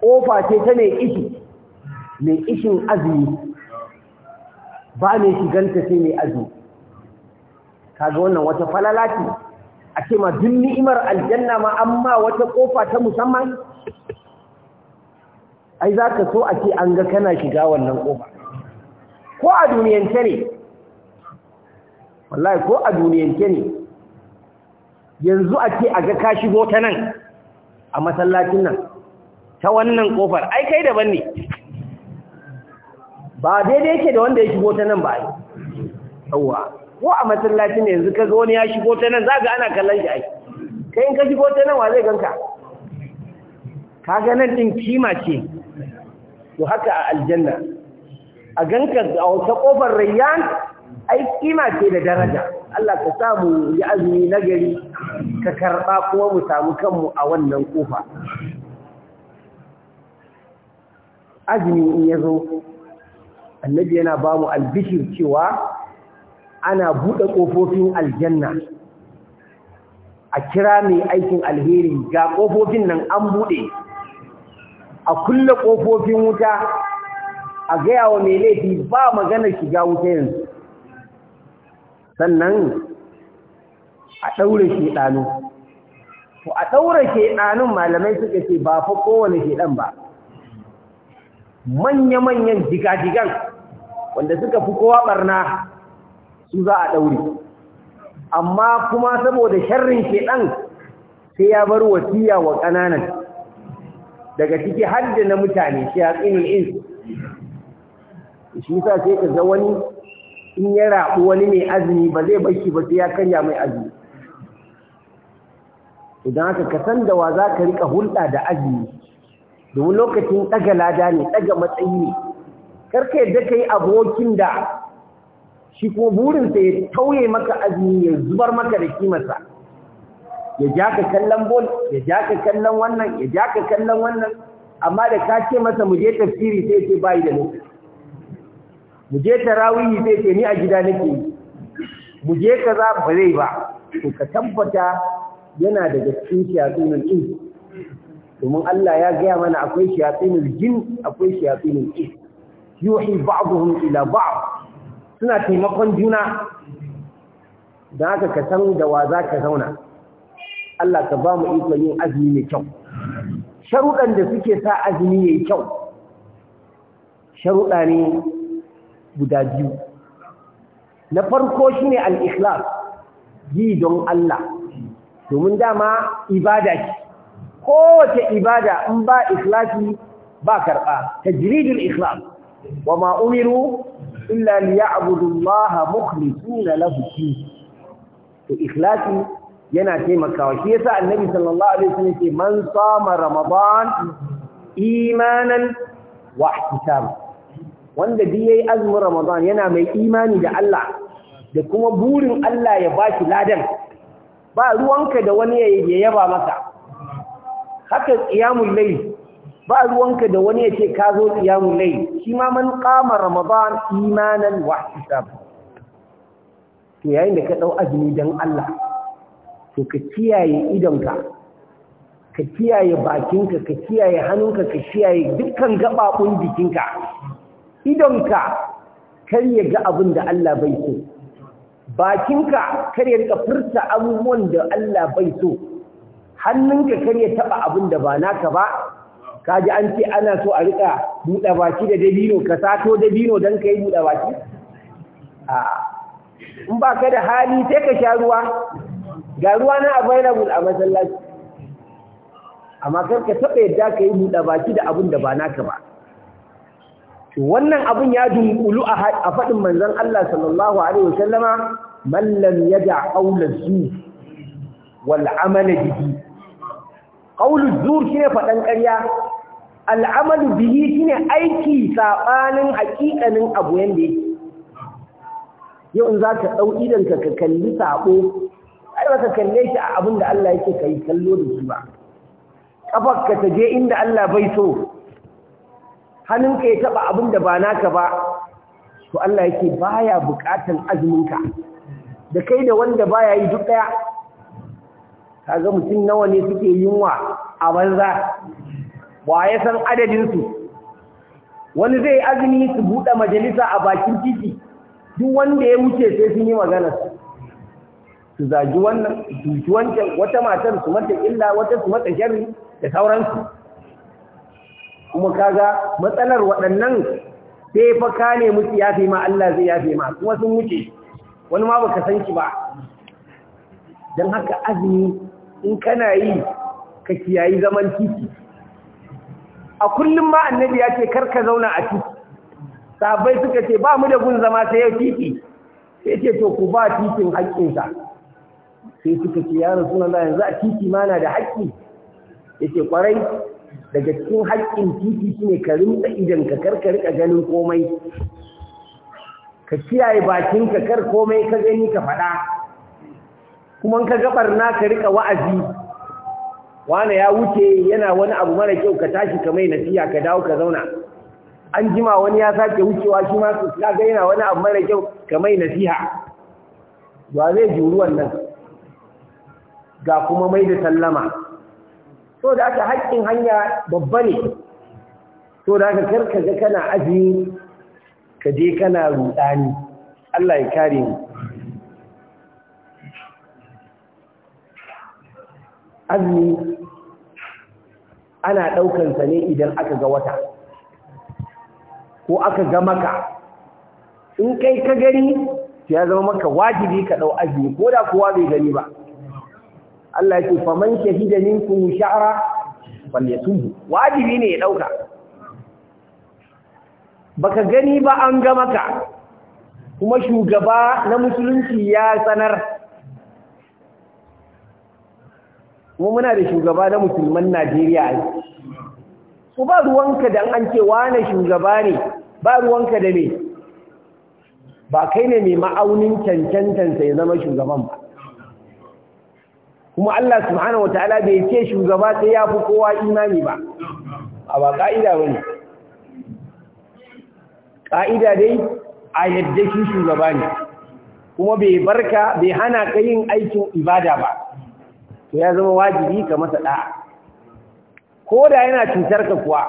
ƙofa ce ta mai ishi mai ishin azumi ba mai shiganta sai mai azumi kaga wannan wata falala ce a ce ma duk ni'imar aljanna ma amma wata ƙofa ta musamman ai za ka so a ce an ga kana shiga wannan ƙofa ko a duniyance ne wallahi ko a duniyance ne yanzu a ce a ga ka shigo ta nan a masallacin nan ta wannan ƙofar ai kai daban ne ba daidai yake da wanda ya shigo ta nan ba ai yawa ko a masallacin ne yanzu kaga wani ya shigo ta nan za ga ana kallon shi ai kai in ka shigo ta nan wa zai ganka kaga nan din kima ce to haka a aljanna a ganka a wata kofar rayyan ai kima ce da daraja Allah ka samu yi azumi nagari ka karba kuma mu samu kanmu a wannan kofa azumi in ya zo annabi yana ba mu albishir cewa ana buɗe ƙofofin aljanna a kira mai aikin alheri ga ƙofofin nan an buɗe a kulle ƙofofin wuta a gaya wa mai laifi ba magana shiga wuta yanzu sannan a ɗaure shaɗanu to a ɗaure shaɗanun malamai suka ce ba fa kowane shaɗan ba manya-manyan jigajigan wanda suka fi kowa ɓarna su za a ɗaure amma kuma saboda sharrin shaɗan sai ya bar wasiya wa ƙananan daga ciki hadda na mutane shi ya tsinin ins shi sa sai ka ga wani in ya rabu wani mai azumi ba zai bar shi ba sai ya karya mai azumi idan haka ka san da wa za ka rika hulɗa da azumi domin lokacin ɗaga lada ne ɗaga matsayi ne karka yadda ka yi abokin da shi kuma burinsa ya tauye maka azumi ya zubar maka da kimarsa ya ja ka kallon bol ya ja ka kallon wannan ya ja ka kallon wannan amma da ka ce masa mu je tafsiri sai ce bai da lokaci mu je tarawih sai ce ni a gida nake yi mu je kaza ba zai ba to ka tabbata yana daga cikin shayatsinul in domin Allah ya gaya mana akwai shayatsinul jin akwai shayatsinul in yuhi ba'dhum ila ba'd suna taimakon juna da haka ka san da wa za ka zauna Allah ka ba mu ikon yin azumi mai kyau sharuɗan da suke sa azumi yi kyau sharuɗa ne guda biyu na farko shine al-ikhlas yi don Allah domin dama ibada ce kowace ibada in ba ikhlasi ba karɓa tajridul ikhlas wa ma umiru illa liya'budu Allah na lahu to ikhlasi yana taimakawa shi yasa annabi sallallahu alaihi wasallam ce man sama ramadan imanan wa ihtisab wanda duk yayi azumin ramadan yana mai imani da Allah da kuma burin Allah ya bashi ladan ba ruwanka da wani ya yaba maka haka qiyamul layl ba ruwanka da wani ya ce ka zo qiyamul layl shi ma man qama ramadan imanan wa ihtisab to yayin da ka dau azumi dan Allah to ka kiyaye idonka ka kiyaye bakinka ka kiyaye hannunka ka kiyaye dukkan gaɓaɓun jikinka idonka kar ya ga abin da Allah bai so bakinka kar ya rika furta abubuwan da Allah bai so hannunka kar ya taɓa abin da ba naka ba kaji an ce ana so a rika buɗe baki da dabino ka sato dabino don ka yi buɗe baki in ba ka da hali sai ka sha ruwa ga ruwa na available a masallaci amma kar ka taɓa yadda ka yi buɗe baki da abin da ba naka ba wannan abin ya dunkulu a faɗin manzon Allah sallallahu alaihi wasallama man lam yada qawla zuf wal amala bihi qaulu zuf shine faɗan ƙarya al amalu bihi shine aiki sabanin haƙiƙanin abu yanda yake yau in zaka ka ɗau idanka ka kalli saɓo ai baka kalle shi a abin da Allah yake kai kallo da shi ba kafarka ta je inda Allah bai so hannunka ya taba abin da ba naka ba to Allah yake baya bukatan azuminka da kai da wanda baya yi duk daya kaga mutum nawa ne suke yunwa a banza wa ya san adadin su wani zai azumi su buɗe majalisa a bakin titi duk wanda ya wuce sai sun yi magana su su zagi wannan su wancan wata matar su mata illa wata su mata sharri da sauransu kuma kaga matsalar waɗannan sai fa ka ne musu yafe ma Allah zai yafe ma kuma sun wuce wani ma baka san ki ba don haka azumi in kana yi ka kiyayi zaman titi a kullum ma annabi ya ce karka zauna a titi sabai suka ce ba mu da gun zama sai ya titi sai ce to ku ba titin haƙƙinsa sai suka ce ya rasulullah yanzu a titi ma na da haƙƙi yake kwarai daga cikin haƙƙin titi shine ka rinsa idan ka karka rika ganin komai ka kiyaye bakin ka kar komai ka gani ka faɗa kuma ka gabar na ka rika wa'azi wani ya wuce yana wani abu mara kyau ka tashi ka mai nasiha ka dawo ka zauna an jima wani ya sake wucewa shi ma su ga yana wani abu mara kyau ka mai nasiha ba zai juru wannan ga kuma mai da sallama so da aka haƙƙin hanya babba ne so da aka karka ga kana aji ka je kana rudani Allah ya kare mu azumi ana ɗaukansa ne idan aka ga wata ko aka ga maka in kai ka gani ya zama maka wajibi ka ɗau azumi ko da kowa bai gani ba Allah yake faman shahida minkum sha'ra falyasum wajibi ne ya dauka baka gani ba an ga maka kuma shugaba na musulunci ya sanar kuma muna da shugaba na musulman Najeriya su ba ruwanka da an ce wane shugaba ne ba ruwanka da me ba kai ne mai ma'aunin cancantansa ya zama shugaban ba kuma Allah subhanahu wataala bai ce shugaba sai ya fi kowa imani ba a ba ka'ida bane ka'ida dai a yadda shi shugaba ne kuma bai barka bai hana ka yin aikin ibada ba to ya zama wajibi ka masa da'a ko da yana cutar ka kuwa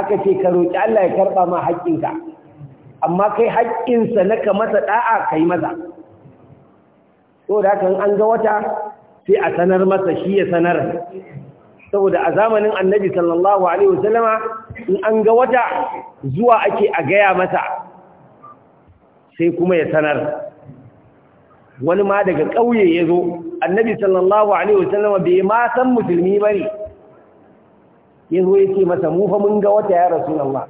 aka ce ka roƙi Allah ya karɓa ma haƙƙinka amma kai haƙƙinsa na ka masa ɗa'a ka yi maza so da haka an ga wata sai a sanar masa shi ya sanar saboda a zamanin annabi sallallahu alaihi wasallama in an ga wata zuwa ake a gaya masa sai kuma ya sanar wani ma daga ƙauye ya zo annabi sallallahu alaihi wasallama bai ma san musulmi ba ne ya zo ya ce masa mu fa mun ga wata ya rasu Allah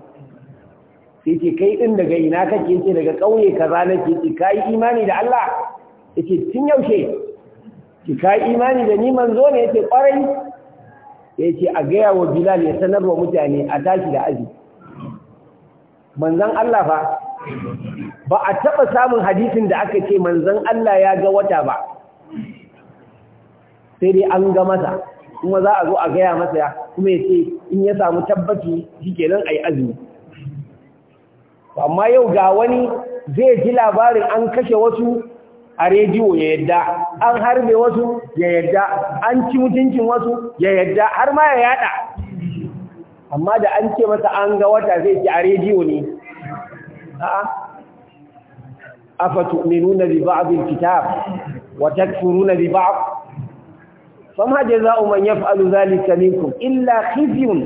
sai ce kai ɗin daga ina kake ce daga ƙauye kaza nake ce ka yi imani da Allah ya ce tun yaushe ki ka imani da ni manzo ne yace kwarai yace a gaya wa bilal ya sanar wa mutane a tashi da aji manzon Allah fa ba a taba samun hadisin da aka ce manzon Allah ya ga wata ba sai dai an ga masa kuma za a zo a gaya masa kuma ya ce in ya samu tabbaci shikenan ai azumi amma yau ga wani zai ji labarin an kashe wasu a rediyo ya yadda an harbe wasu ya yadda an ci mutuncin wasu ya yadda har ma ya yada amma da an ce masa an ga wata zai ci a rediyo ne afatu'minuna bi ba'dil kitab wa takfuruna bi ba'd fama jazaa'u man yaf'alu dhalika kun illa khizyun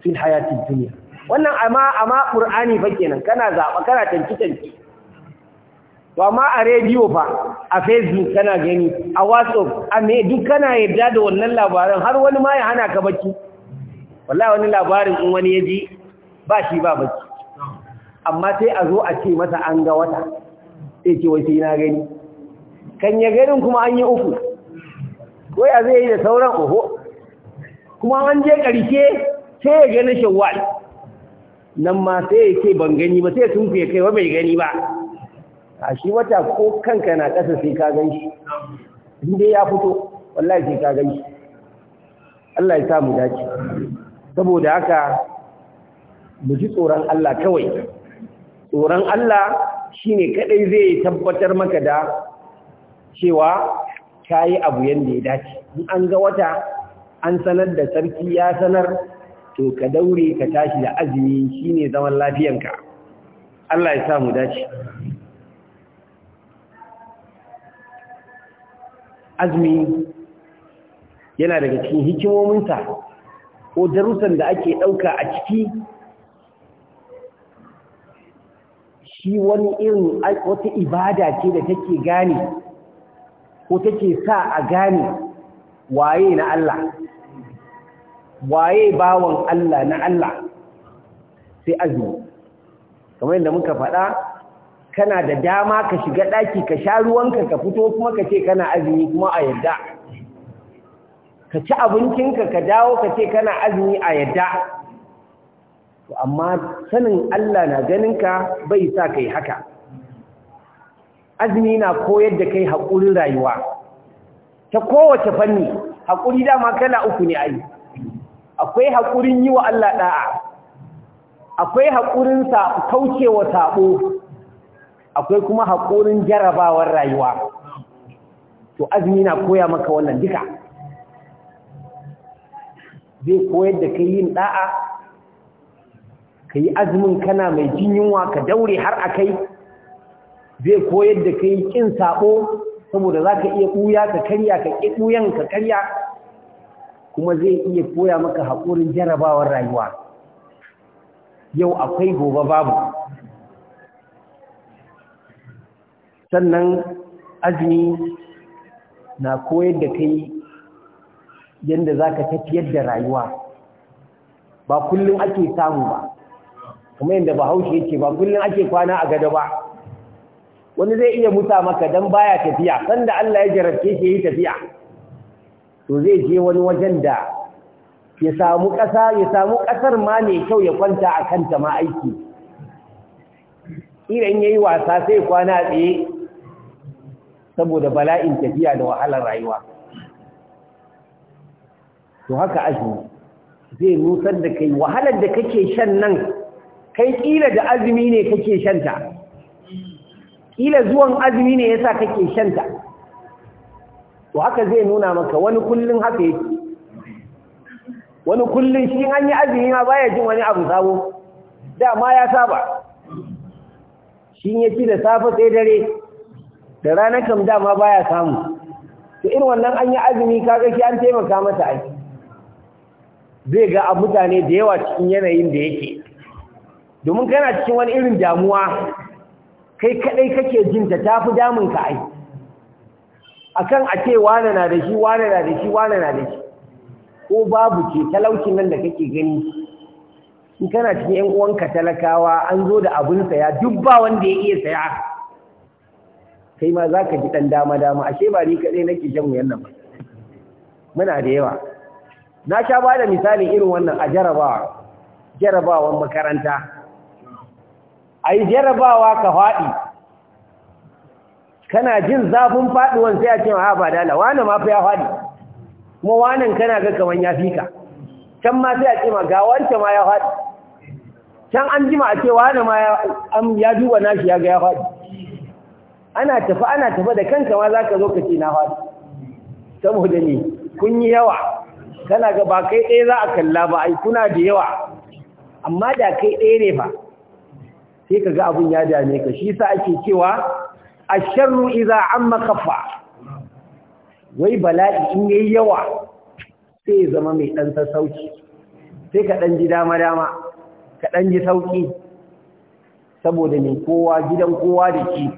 fil hayatid duniya wannan amma amma qur'ani fa kenan kana zaɓa kana tanki tanki to amma a rediyo fa a facebook kana gani a whatsapp a me duk kana yarda da wannan labaran har wani ma ya hana ka bacci wallahi wani labarin in wani ya ji ba shi ba bacci amma sai a zo a ce masa an ga wata sai ce wai sai na gani kan ya gani kuma an yi uku ko ya zai yi da sauran oho kuma an je ƙarshe sai ya gani shawwal nan ma sai ya ce ban gani ba sai sun ya kai wa bai gani ba a shi wata ko kanka na ƙasa sai ka gan shi inda ya fito wallahi sai ka gan shi Allah ya samu dace saboda haka mu ji tsoron Allah kawai tsoron Allah shine kadai zai tabbatar maka da cewa kayi abu yanda ya dace in an ga wata an sanar da sarki ya sanar to ka daure ka tashi da azumi shine zaman lafiyanka Allah ya samu dace azumi yana daga cikin hikimominsa ko darussan da ake ɗauka a ciki shi wani irin wata ibada ce da take gane ko take sa a gane waye na Allah waye bawan Allah na Allah sai azmi? kamar yadda muka faɗa kana da dama ka shiga ɗaki ka sha ruwanka ka fito kuma ka ce kana azumi kuma a yadda ka ci abincinka ka dawo ka ce kana azumi a yadda to amma sanin Allah na ganin ka bai sa kai haka azumi na koyar da kai haƙurin rayuwa ta kowace fanni haƙuri dama kala uku ne ai akwai haƙurin yi wa Allah ɗa'a akwai haƙurin sa kaucewa sabo akwai kuma haƙorin jarabawar rayuwa to azumi na koya maka wannan duka zai koyar da kai yin ɗa'a ka yi azumin kana mai jin yunwa ka daure har akai, zai koyar da kai ƙin saɓo saboda za ka iya ɓuya ka karya ka ƙi ɓuyan ka karya kuma zai iya koya maka haƙorin jarabawar rayuwa yau akwai gobe babu sannan azumi na koyar da kai yadda za ka tafiyar da rayuwa ba kullum ake samu ba kuma yadda haushe yake ba kullum ake kwana a gado ba wani zai iya muta maka don baya tafiya sanda Allah ya jarabce shi yi tafiya to zai je wani wajen da ya samu ƙasa ya samu ƙasar ma mai kyau ya kwanta a kanta ma aiki idan ya yi wasa sai kwana tsaye saboda bala'in tafiya da wahalar rayuwa to haka azumi zai nusar da kai wahalar da kake shan nan kai kila da azumi ne kake shanta kila zuwan azumi ne yasa kake shanta to haka zai nuna maka wani kullun haka yake wani kullun shi an yi azumi ma baya jin wani abu sabo dama ya saba shi ya ci da safe sai dare da ranar kam dama baya samu to in wannan an yi azumi kaga ki an taimaka mata ai zai ga a mutane da yawa cikin yanayin da yake domin kana cikin wani irin damuwa kai kadai kake jin ta tafi damun ka ai akan a ce wane na da shi wane na da shi wane na da shi ko babu ce talaucin nan da kake gani in kana cikin yan uwanka talakawa an zo da abin saya duk ba wanda ya iya saya kai ma za ka ji ɗan dama-dama ashe ba ni kaɗai nake shan wuyan nan ba muna da yawa na sha ba da misalin irin wannan a jarabawa jarabawan makaranta a yi jarabawa ka faɗi kana jin zafin faɗuwan sai a ce ma ah, ba dala wani ma fi ya faɗi kuma wanan kana ga kamar ya fi ka can ma sai a ce ma ga wance ma ya faɗi can an jima a ce wani ma ya duba nashi ya ga ya faɗi ana tafi ana tafi da kanka ma zaka zo ka ce na faɗi saboda ni kun yi yawa kana ga ba kai ɗaya za a kalla ba ai kuna da yawa amma da kai ɗaya ne fa sai ka ga abun ya dame ka shi sa ake cewa asharru idza amma kafa. wai bala'i in yayi yawa sai ya zama mai ɗan sassauci sai ka ɗan ji dama-dama ka ɗan ji sauƙi saboda ne kowa gidan kowa da ke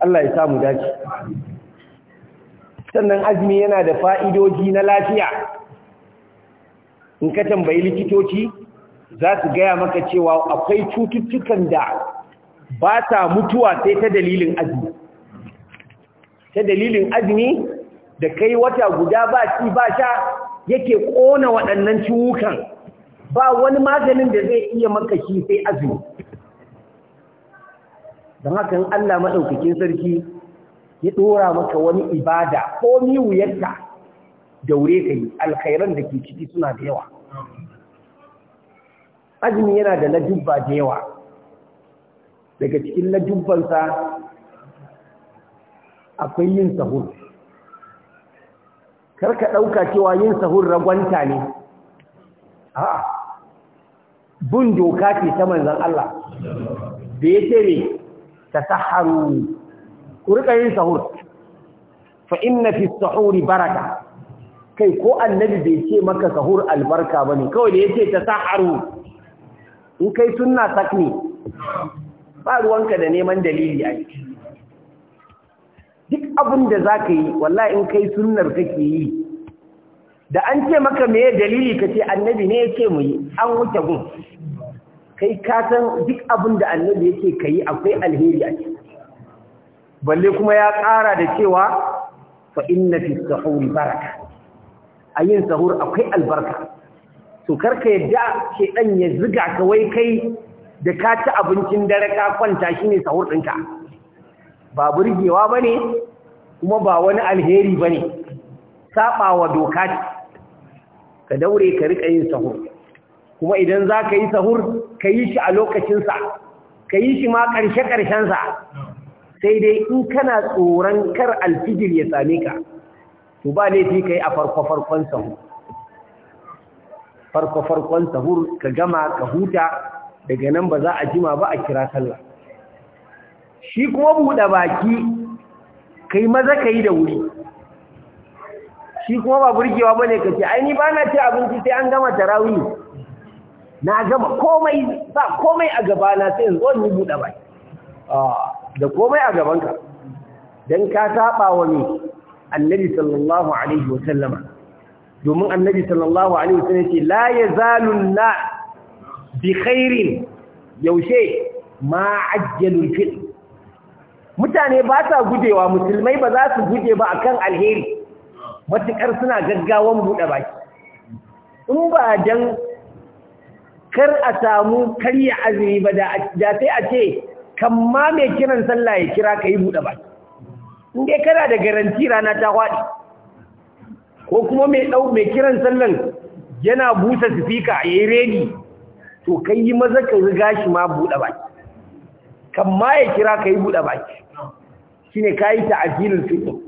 Allah ya samu dace sannan azumi yana da fa'idoji na lafiya in ka tambayi likitoci za su gaya maka cewa akwai cututtukan da ba ta mutuwa sai ta dalilin azumi ta dalilin azumi da kai wata guda ba ci ba sha yake ƙona waɗannan ciwukan ba wani maganin da zai iya maka shi sai azumi don haka in Allah maɗaukakin sarki ya ɗora maka wani ibada ko ni wuyarta daure ka yi alkhairan da ke ciki suna da yawa azumi yana da ladubba da yawa daga cikin ladubbansa akwai yin sahur karka ɗauka cewa yin sahur ragwanta ne A'a, bin doka ce ta manzan Allah da ya ne tasaharu ku rika yin sahur fa inna fi sahuri baraka kai ko annabi bai ce maka sahur albarka bane kawai da yace tasaharu in kai sunna sakni ba ruwanka da neman dalili ai duk abin da zaka yi wallahi in kai sunnar kake yi da an ce maka meye dalili kace annabi ne yace mu yi an wuce gun kai ka san duk abin da annabi yake kai akwai alheri a ciki balle kuma ya ƙara da cewa fa inna fi sahur baraka a sahur akwai albarka to karka yadda ke dan ya ziga ka wai kai da ka ci abincin dare ka kwanta shine sahur ɗinka ba burgewa bane kuma ba wani alheri bane saba wa doka ka daure ka rika yin sahur kuma idan za ka yi sahur ka yi shi a lokacinsa ka yi shi ma ƙarshe-ƙarshensa sai dai in kana tsoron kar alfijir ya same ka to ba ne fi ka yi a farko-farkon sahur farko-farkon sahur ka gama ka huta daga nan ba za a jima ba a kira sallah shi kuma buɗe baki ka yi maza ka yi da wuri shi kuma ba burgewa bane ne ka ce aini ba na ci abinci sai an gama tarawih na gama komai ba komai a gabana sai in zo ni buɗe bai da komai a gabanka dan ka saba wa ni annabi sallallahu alaihi wa sallama domin annabi sallallahu alaihi wa sallam yace la yazalu na bi khairin yaushe ma ajjalul fil mutane ba sa gujewa musulmai ba za su guje ba akan alheri matukar suna gaggawan buɗe baki in ba dan kar a samu karya azumi ba da sai a ce kamma mai kiran sallah ya kira ka yi buɗe baki in dai kana da garanti rana ta kwaɗi ko kuma mai ɗau mai kiran sallan yana busa sifika ya yi redi to kai yi maza ka riga shi ma buɗe baki kamma ya kira ka yi buɗe baki shi ne ka yi ta ajiyar fito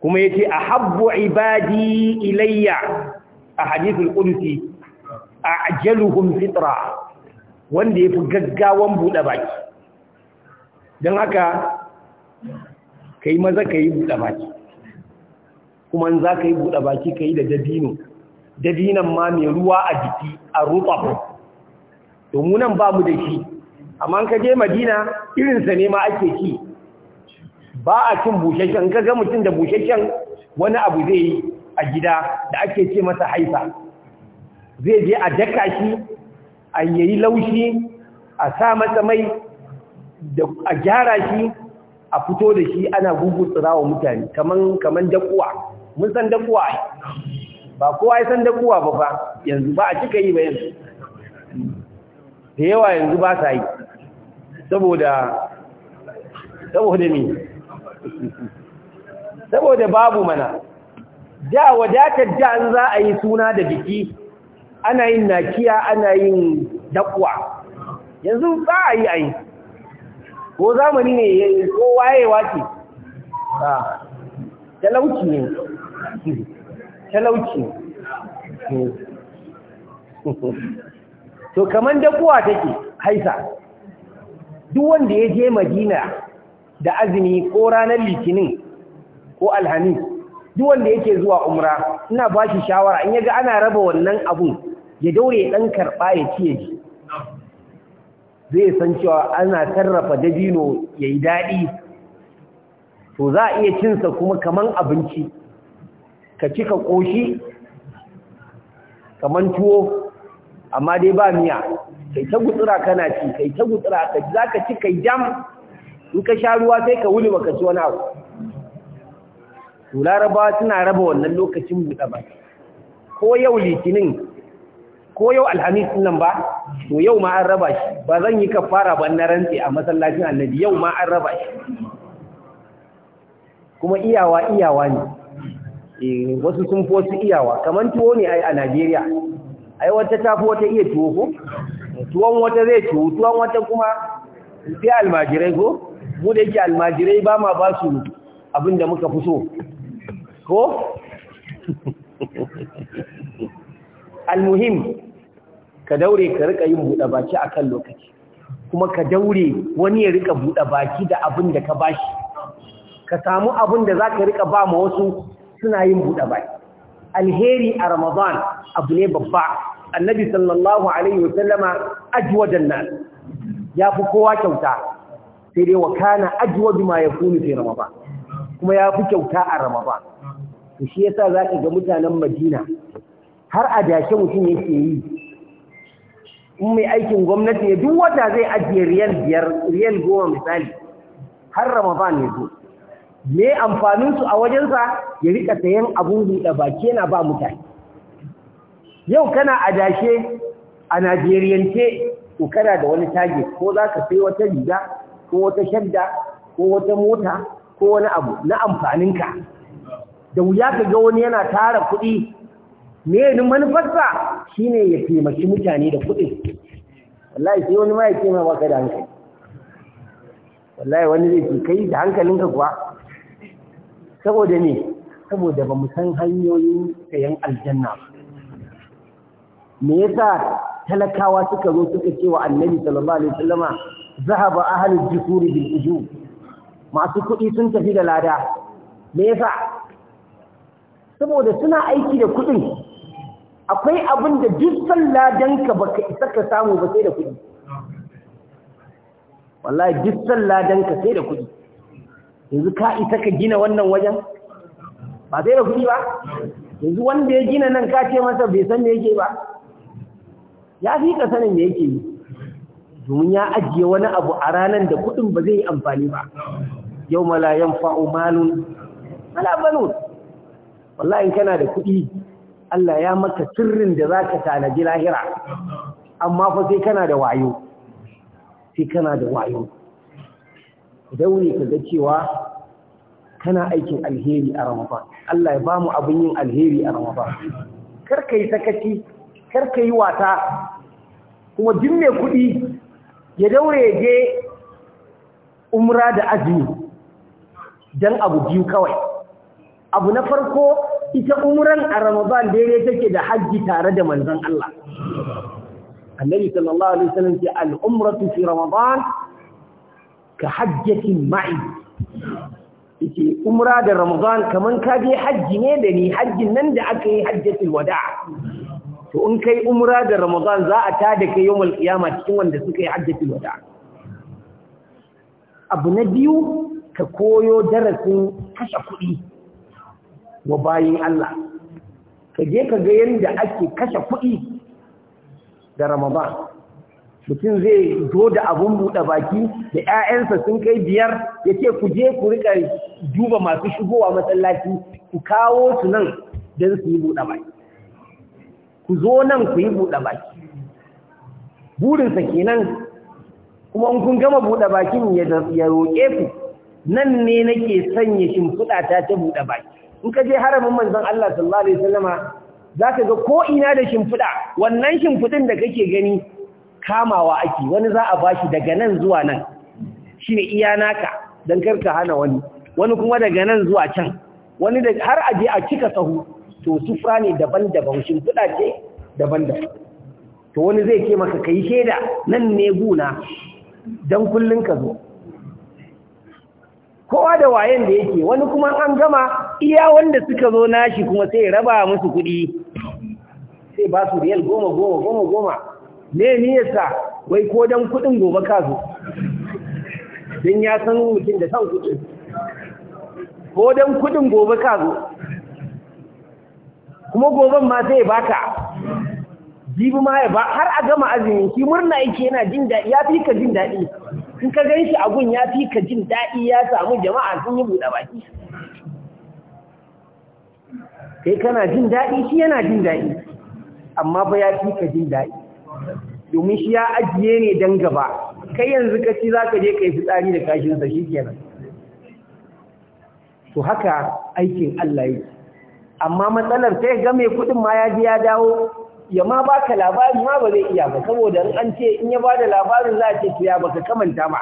kuma ya ce a habbu ibadi ilayya a hadithul qudsi a ajaluhum fitra wanda yafi gaggawan bude baki dan haka kai maza kai buɗe baki kuma in za ka yi buda baki kai da dabino dabinan ma mai ruwa a jiki a rutab to mu nan ba mu da shi amma ka je Madina irinsa ne ma ake ci ba a cin ka kaga mutum da bushashen wani abu zai yi a gida da ake ce masa haifa zai je a daka shi a yayi laushi a sa masa mai a gyara shi a fito da shi ana gugutsura wa mutane kaman kaman dakuwa mun san dakuwa ba kowa ya san dakuwa ba ba yanzu ba a cika yi ba yanzu da yawa yanzu ba sa yi saboda saboda ne saboda babu mana da wadatar da an za a yi suna da biki ana yin nakiya ana yin dakwa yanzu ba a yi a yi ko zamani ne ko wayewa ce ba talauci ne talauci to kaman dakwa take haisa duk wanda ya je madina da azumi ko ranar litinin ko alhamis duk wanda yake zuwa umra ina ba shi shawara in yaga ana raba wannan abun ya daure dan karba ya ciye ji zai san cewa ana sarrafa dabino yayi dadi to za iya cin sa kuma kaman abinci ka ci ka koshi kaman tuwo amma dai ba miya kai ta gutsura kana ci kai ta gutsura ka zaka ci kai jam in ka sha ruwa sai ka wuli baka ci wani abu to laraba suna raba wannan lokacin buɗa ba ko yau litinin ko yau alhamis nan ba to yau ma an raba shi ba zan yi kafara ba na rantse a masallacin annabi yau ma an raba shi kuma iyawa iyawa ne eh wasu sun fosu iyawa kaman tuwo ne ai a Najeriya ai wata tafi wata iya tuwo ko tuwon wata zai tuwo tuwon wata kuma sai almajirai ko mu da yake almajirai ba ma ba su abin da muka fi so ko almuhim ka daure ka rika yin buɗe baki akan lokaci kuma ka daure wani ya rika buɗe baki da abin da ka bashi ka samu abin da za ka rika ba ma wasu suna yin buɗe baki alheri a ramadan abu ne babba annabi sallallahu alaihi wasallama ajwadan nan ya fi kowa kyauta sai dai wa kana ajwadu ma kuni sai ramadan kuma ya fi kyauta a ramadan to shi yasa za ka ga mutanen madina har a dashe mutum yake yi in mai aikin gwamnati ya duk wata zai ajiye riyal biyar riyal goma misali har ramadan ya zo me amfanin su a wajensa ya rika sayan abun buɗe baki yana ba mutane yau kana a dashe a najeriyance ko kana da wani tage ko za ka sai wata riga ko wata shadda ko wata mota ko wani abu na amfaninka da wuya ka ga wani yana tara kuɗi me ne manufarsa shine ya taimaki mutane da kuɗi wallahi sai wani ma ya ce ma baka da hankali wallahi wani zai ce kai da hankalinka kuwa saboda ne saboda ba mu san hanyoyin sayan aljanna me yasa talakawa suka zo suka ce wa annabi sallallahu alaihi wasallama zahaba ahlul jusuri bil ujub masu kuɗi sun tafi da lada me yasa saboda suna aiki da kuɗin akwai abin da duk ka baka isa ka samu ba sai da kuɗi wallahi duk ka sai da kuɗi yanzu ka isa ka gina wannan wajen ba sai da kuɗi ba yanzu wanda ya gina nan ka ce masa bai san me yake ba ya fi ka sanin me yake yi domin ya ajiye wani abu a ranar da kuɗin ba zai yi amfani ba yau mala yan fa'o malun mala banun wallahi kana da kuɗi Allah ya maka sirrin da za ka tanaji lahira amma fa sai kana da wayo sai kana da wayo Dauri, ka ga cewa kana aikin alheri a ramadan Allah ya bamu abin yin alheri a ramadan kar ka yi sakaci kar ka yi wata kuma duk mai kuɗi ya daure ya je umra da azumi dan abu biyu kawai abu na farko ita umran a ramadan daidai take da hajji tare da manzon Allah annabi sallallahu alaihi wasallam ce al-umratu fi ramadan ka hajjatin ma'i yake umra da ramadan kaman ka je hajji ne da ni hajjin nan da aka yi hajjatul wada' to in kai umra da ramadan za a tada kai yawmal qiyama cikin wanda suka yi hajjatul wada' abu na biyu ka koyo darasin kashe kuɗi wa bayin Allah ka je ka ga yadda ake kashe kuɗi da ramadan mutum zai zo da abun buɗe baki da 'ya'yansa sun kai biyar ya ce ku je ku rika duba masu shigowa masallaci ku kawo su nan don su yi buɗe baki ku zo nan ku yi buɗe baki burinsa kenan kuma in kun gama buɗe bakin ya roƙe ku nan ne nake sanya shimfiɗa ta ta buɗe baki in ka je haramin manzon Allah sallallahu alaihi wasallama zaka ga ko ina da shimfiɗa wannan shimfiɗin da kake gani kamawa ake wani za a bashi daga nan zuwa nan shine iya naka dan karka hana wani wani kuma daga nan zuwa can wani da har a a cika sahu to sufra ne daban-daban shimfiɗa ce daban-daban to wani zai ke maka kai shaida nan ne guna dan kullum ka zo kowa da wayen da yake wani kuma an gama iya wanda suka zo nashi kuma sai raba musu kuɗi sai ba su riyal goma goma goma goma ne niyarsa wai ko don kuɗin gobe ka zo don ya san mutum da san kuɗi ko don kuɗin gobe ka zo kuma goben ma sai baka jibi ma ya ba har a gama azumin shi murna yake yana jin daɗi ya fi ka jin daɗi in ka gan shi abun ya fi ka jin daɗi ya samu jama'a sun yi buɗe baki kai kana jin daɗi shi yana jin daɗi amma ba ya fi ka jin daɗi domin shi ya ajiye ne don gaba kai yanzu ka ci za ka je ka yi fitsari da kashinsa shi kenan to haka aikin Allah yi amma matsalar sai ga mai kuɗin ma ya ji ya dawo ya ma ka labari ma ba zai iya ba saboda in an ce in ya ba da labarin za a ce to ya baka kamanta ba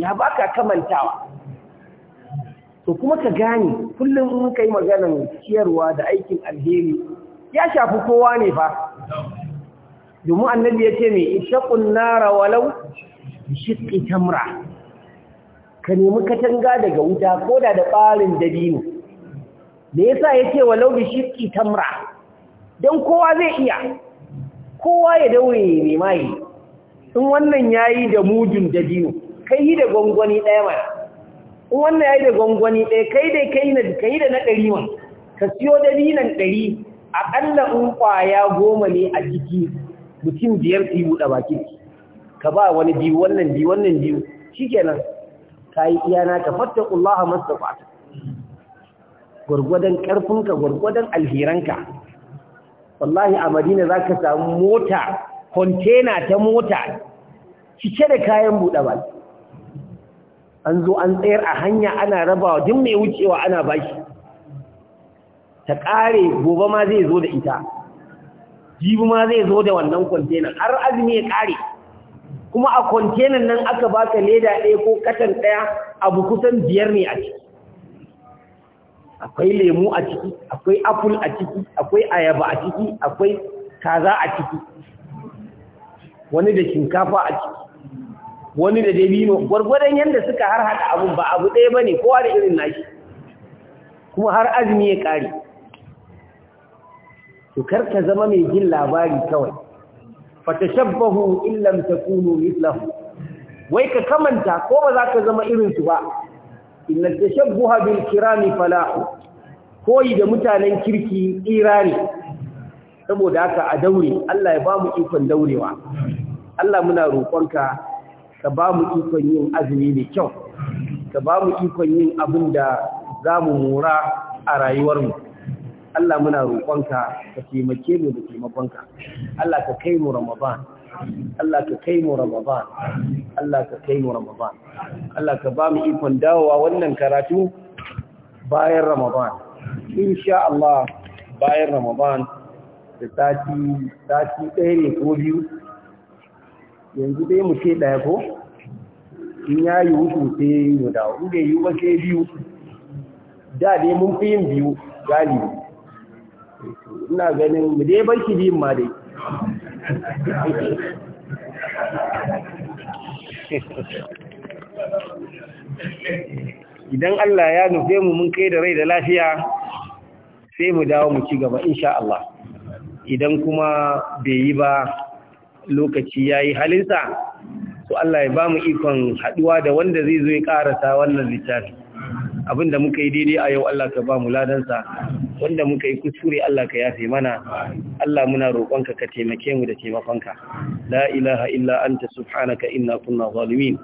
ya baka kamantawa to kuma ka gane kullum in ka yi maganar ciyarwa da aikin alheri ya shafi kowa ne fa domin annabi ya ce mai ishaqun nara walau shiqqi tamra ka nemi katanga daga wuta ko da ɓarin dabino me yasa ya walau bi shiqqi tamra don kowa zai iya kowa ya daure ne yi in wannan ya yi da mujin da dino kai yi da gwangwani ɗaya mana in wannan ya yi da gwangwani ɗaya kai da kai na kai da na ɗari man ka siyo da dinan ɗari aƙalla in ƙwaya goma ne a jiki mutum biyar su yi buɗe ka ba wani biyu wannan biyu wannan biyu shikenan ka yi iyana ka fattakullaha masu gwargwadon ƙarfinka gwargwadon alheranka wallahi a madina za ka samu mota kontena ta mota cike da kayan buɗe ba an zo an tsayar a hanya ana rabawa duk mai wucewa ana bashi ta ƙare gobe ma zai zo da ita jibi ma zai zo da wannan kontena har azumi ya ƙare kuma a kwantenan nan aka baka leda ɗaya ko katan ɗaya abu kusan biyar ne a ciki akwai lemu a ciki akwai apple a ciki akwai ayaba a ciki akwai kaza a ciki wani da shinkafa a ciki wani da dabino gwargwadon yadda suka har hada abun ba abu ɗaya ba ne kowa da irin nashi kuma har azumi ya ƙare to ka zama mai jin labari kawai fatashabbahu illam takunu mithlahu wai ka kamanta ko ba za ka zama irin su ba inna tashabbuha bil kirami fala koyi da mutanen kirki irani saboda haka a daure Allah ya bamu ikon daurewa Allah muna roƙonka ka bamu ikon yin azumi mai kyau ka ba ikon yin abin da za mu mora a rayuwarmu Allah muna roƙonka ka taimake mu da taimakonka Allah ka kai mu Ramadan Allah ka kai mu Ramadan Allah ka kai mu Ramadan Allah ka ba mu ikon dawowa wannan karatu bayan Ramadan insha Allah bayan Ramadan da sati sati ɗaya ne ko biyu yanzu dai mu ce ɗaya ko in ya yi wuce sai mu dawo inda yi ba sai biyu da dai mun fi yin biyu galibi ina ganin mu dai bar shi biyun ma dai idan Allah ya nufe mu mun kai da rai da lafiya sai mu dawo mu ci gaba insha Allah idan kuma bai yi ba lokaci ya yi halinsa to Allah ya ba mu ikon haɗuwa da wanda zai zo ya ƙarasa wannan littafi Abin da muka yi daidai a yau Allah ka ba mu ladansa wanda muka yi kuskure Allah ka yafe mana Allah muna roƙonka ka taimake mu da taimakonka la ilaha illa anta subhanaka inna kunna zalimin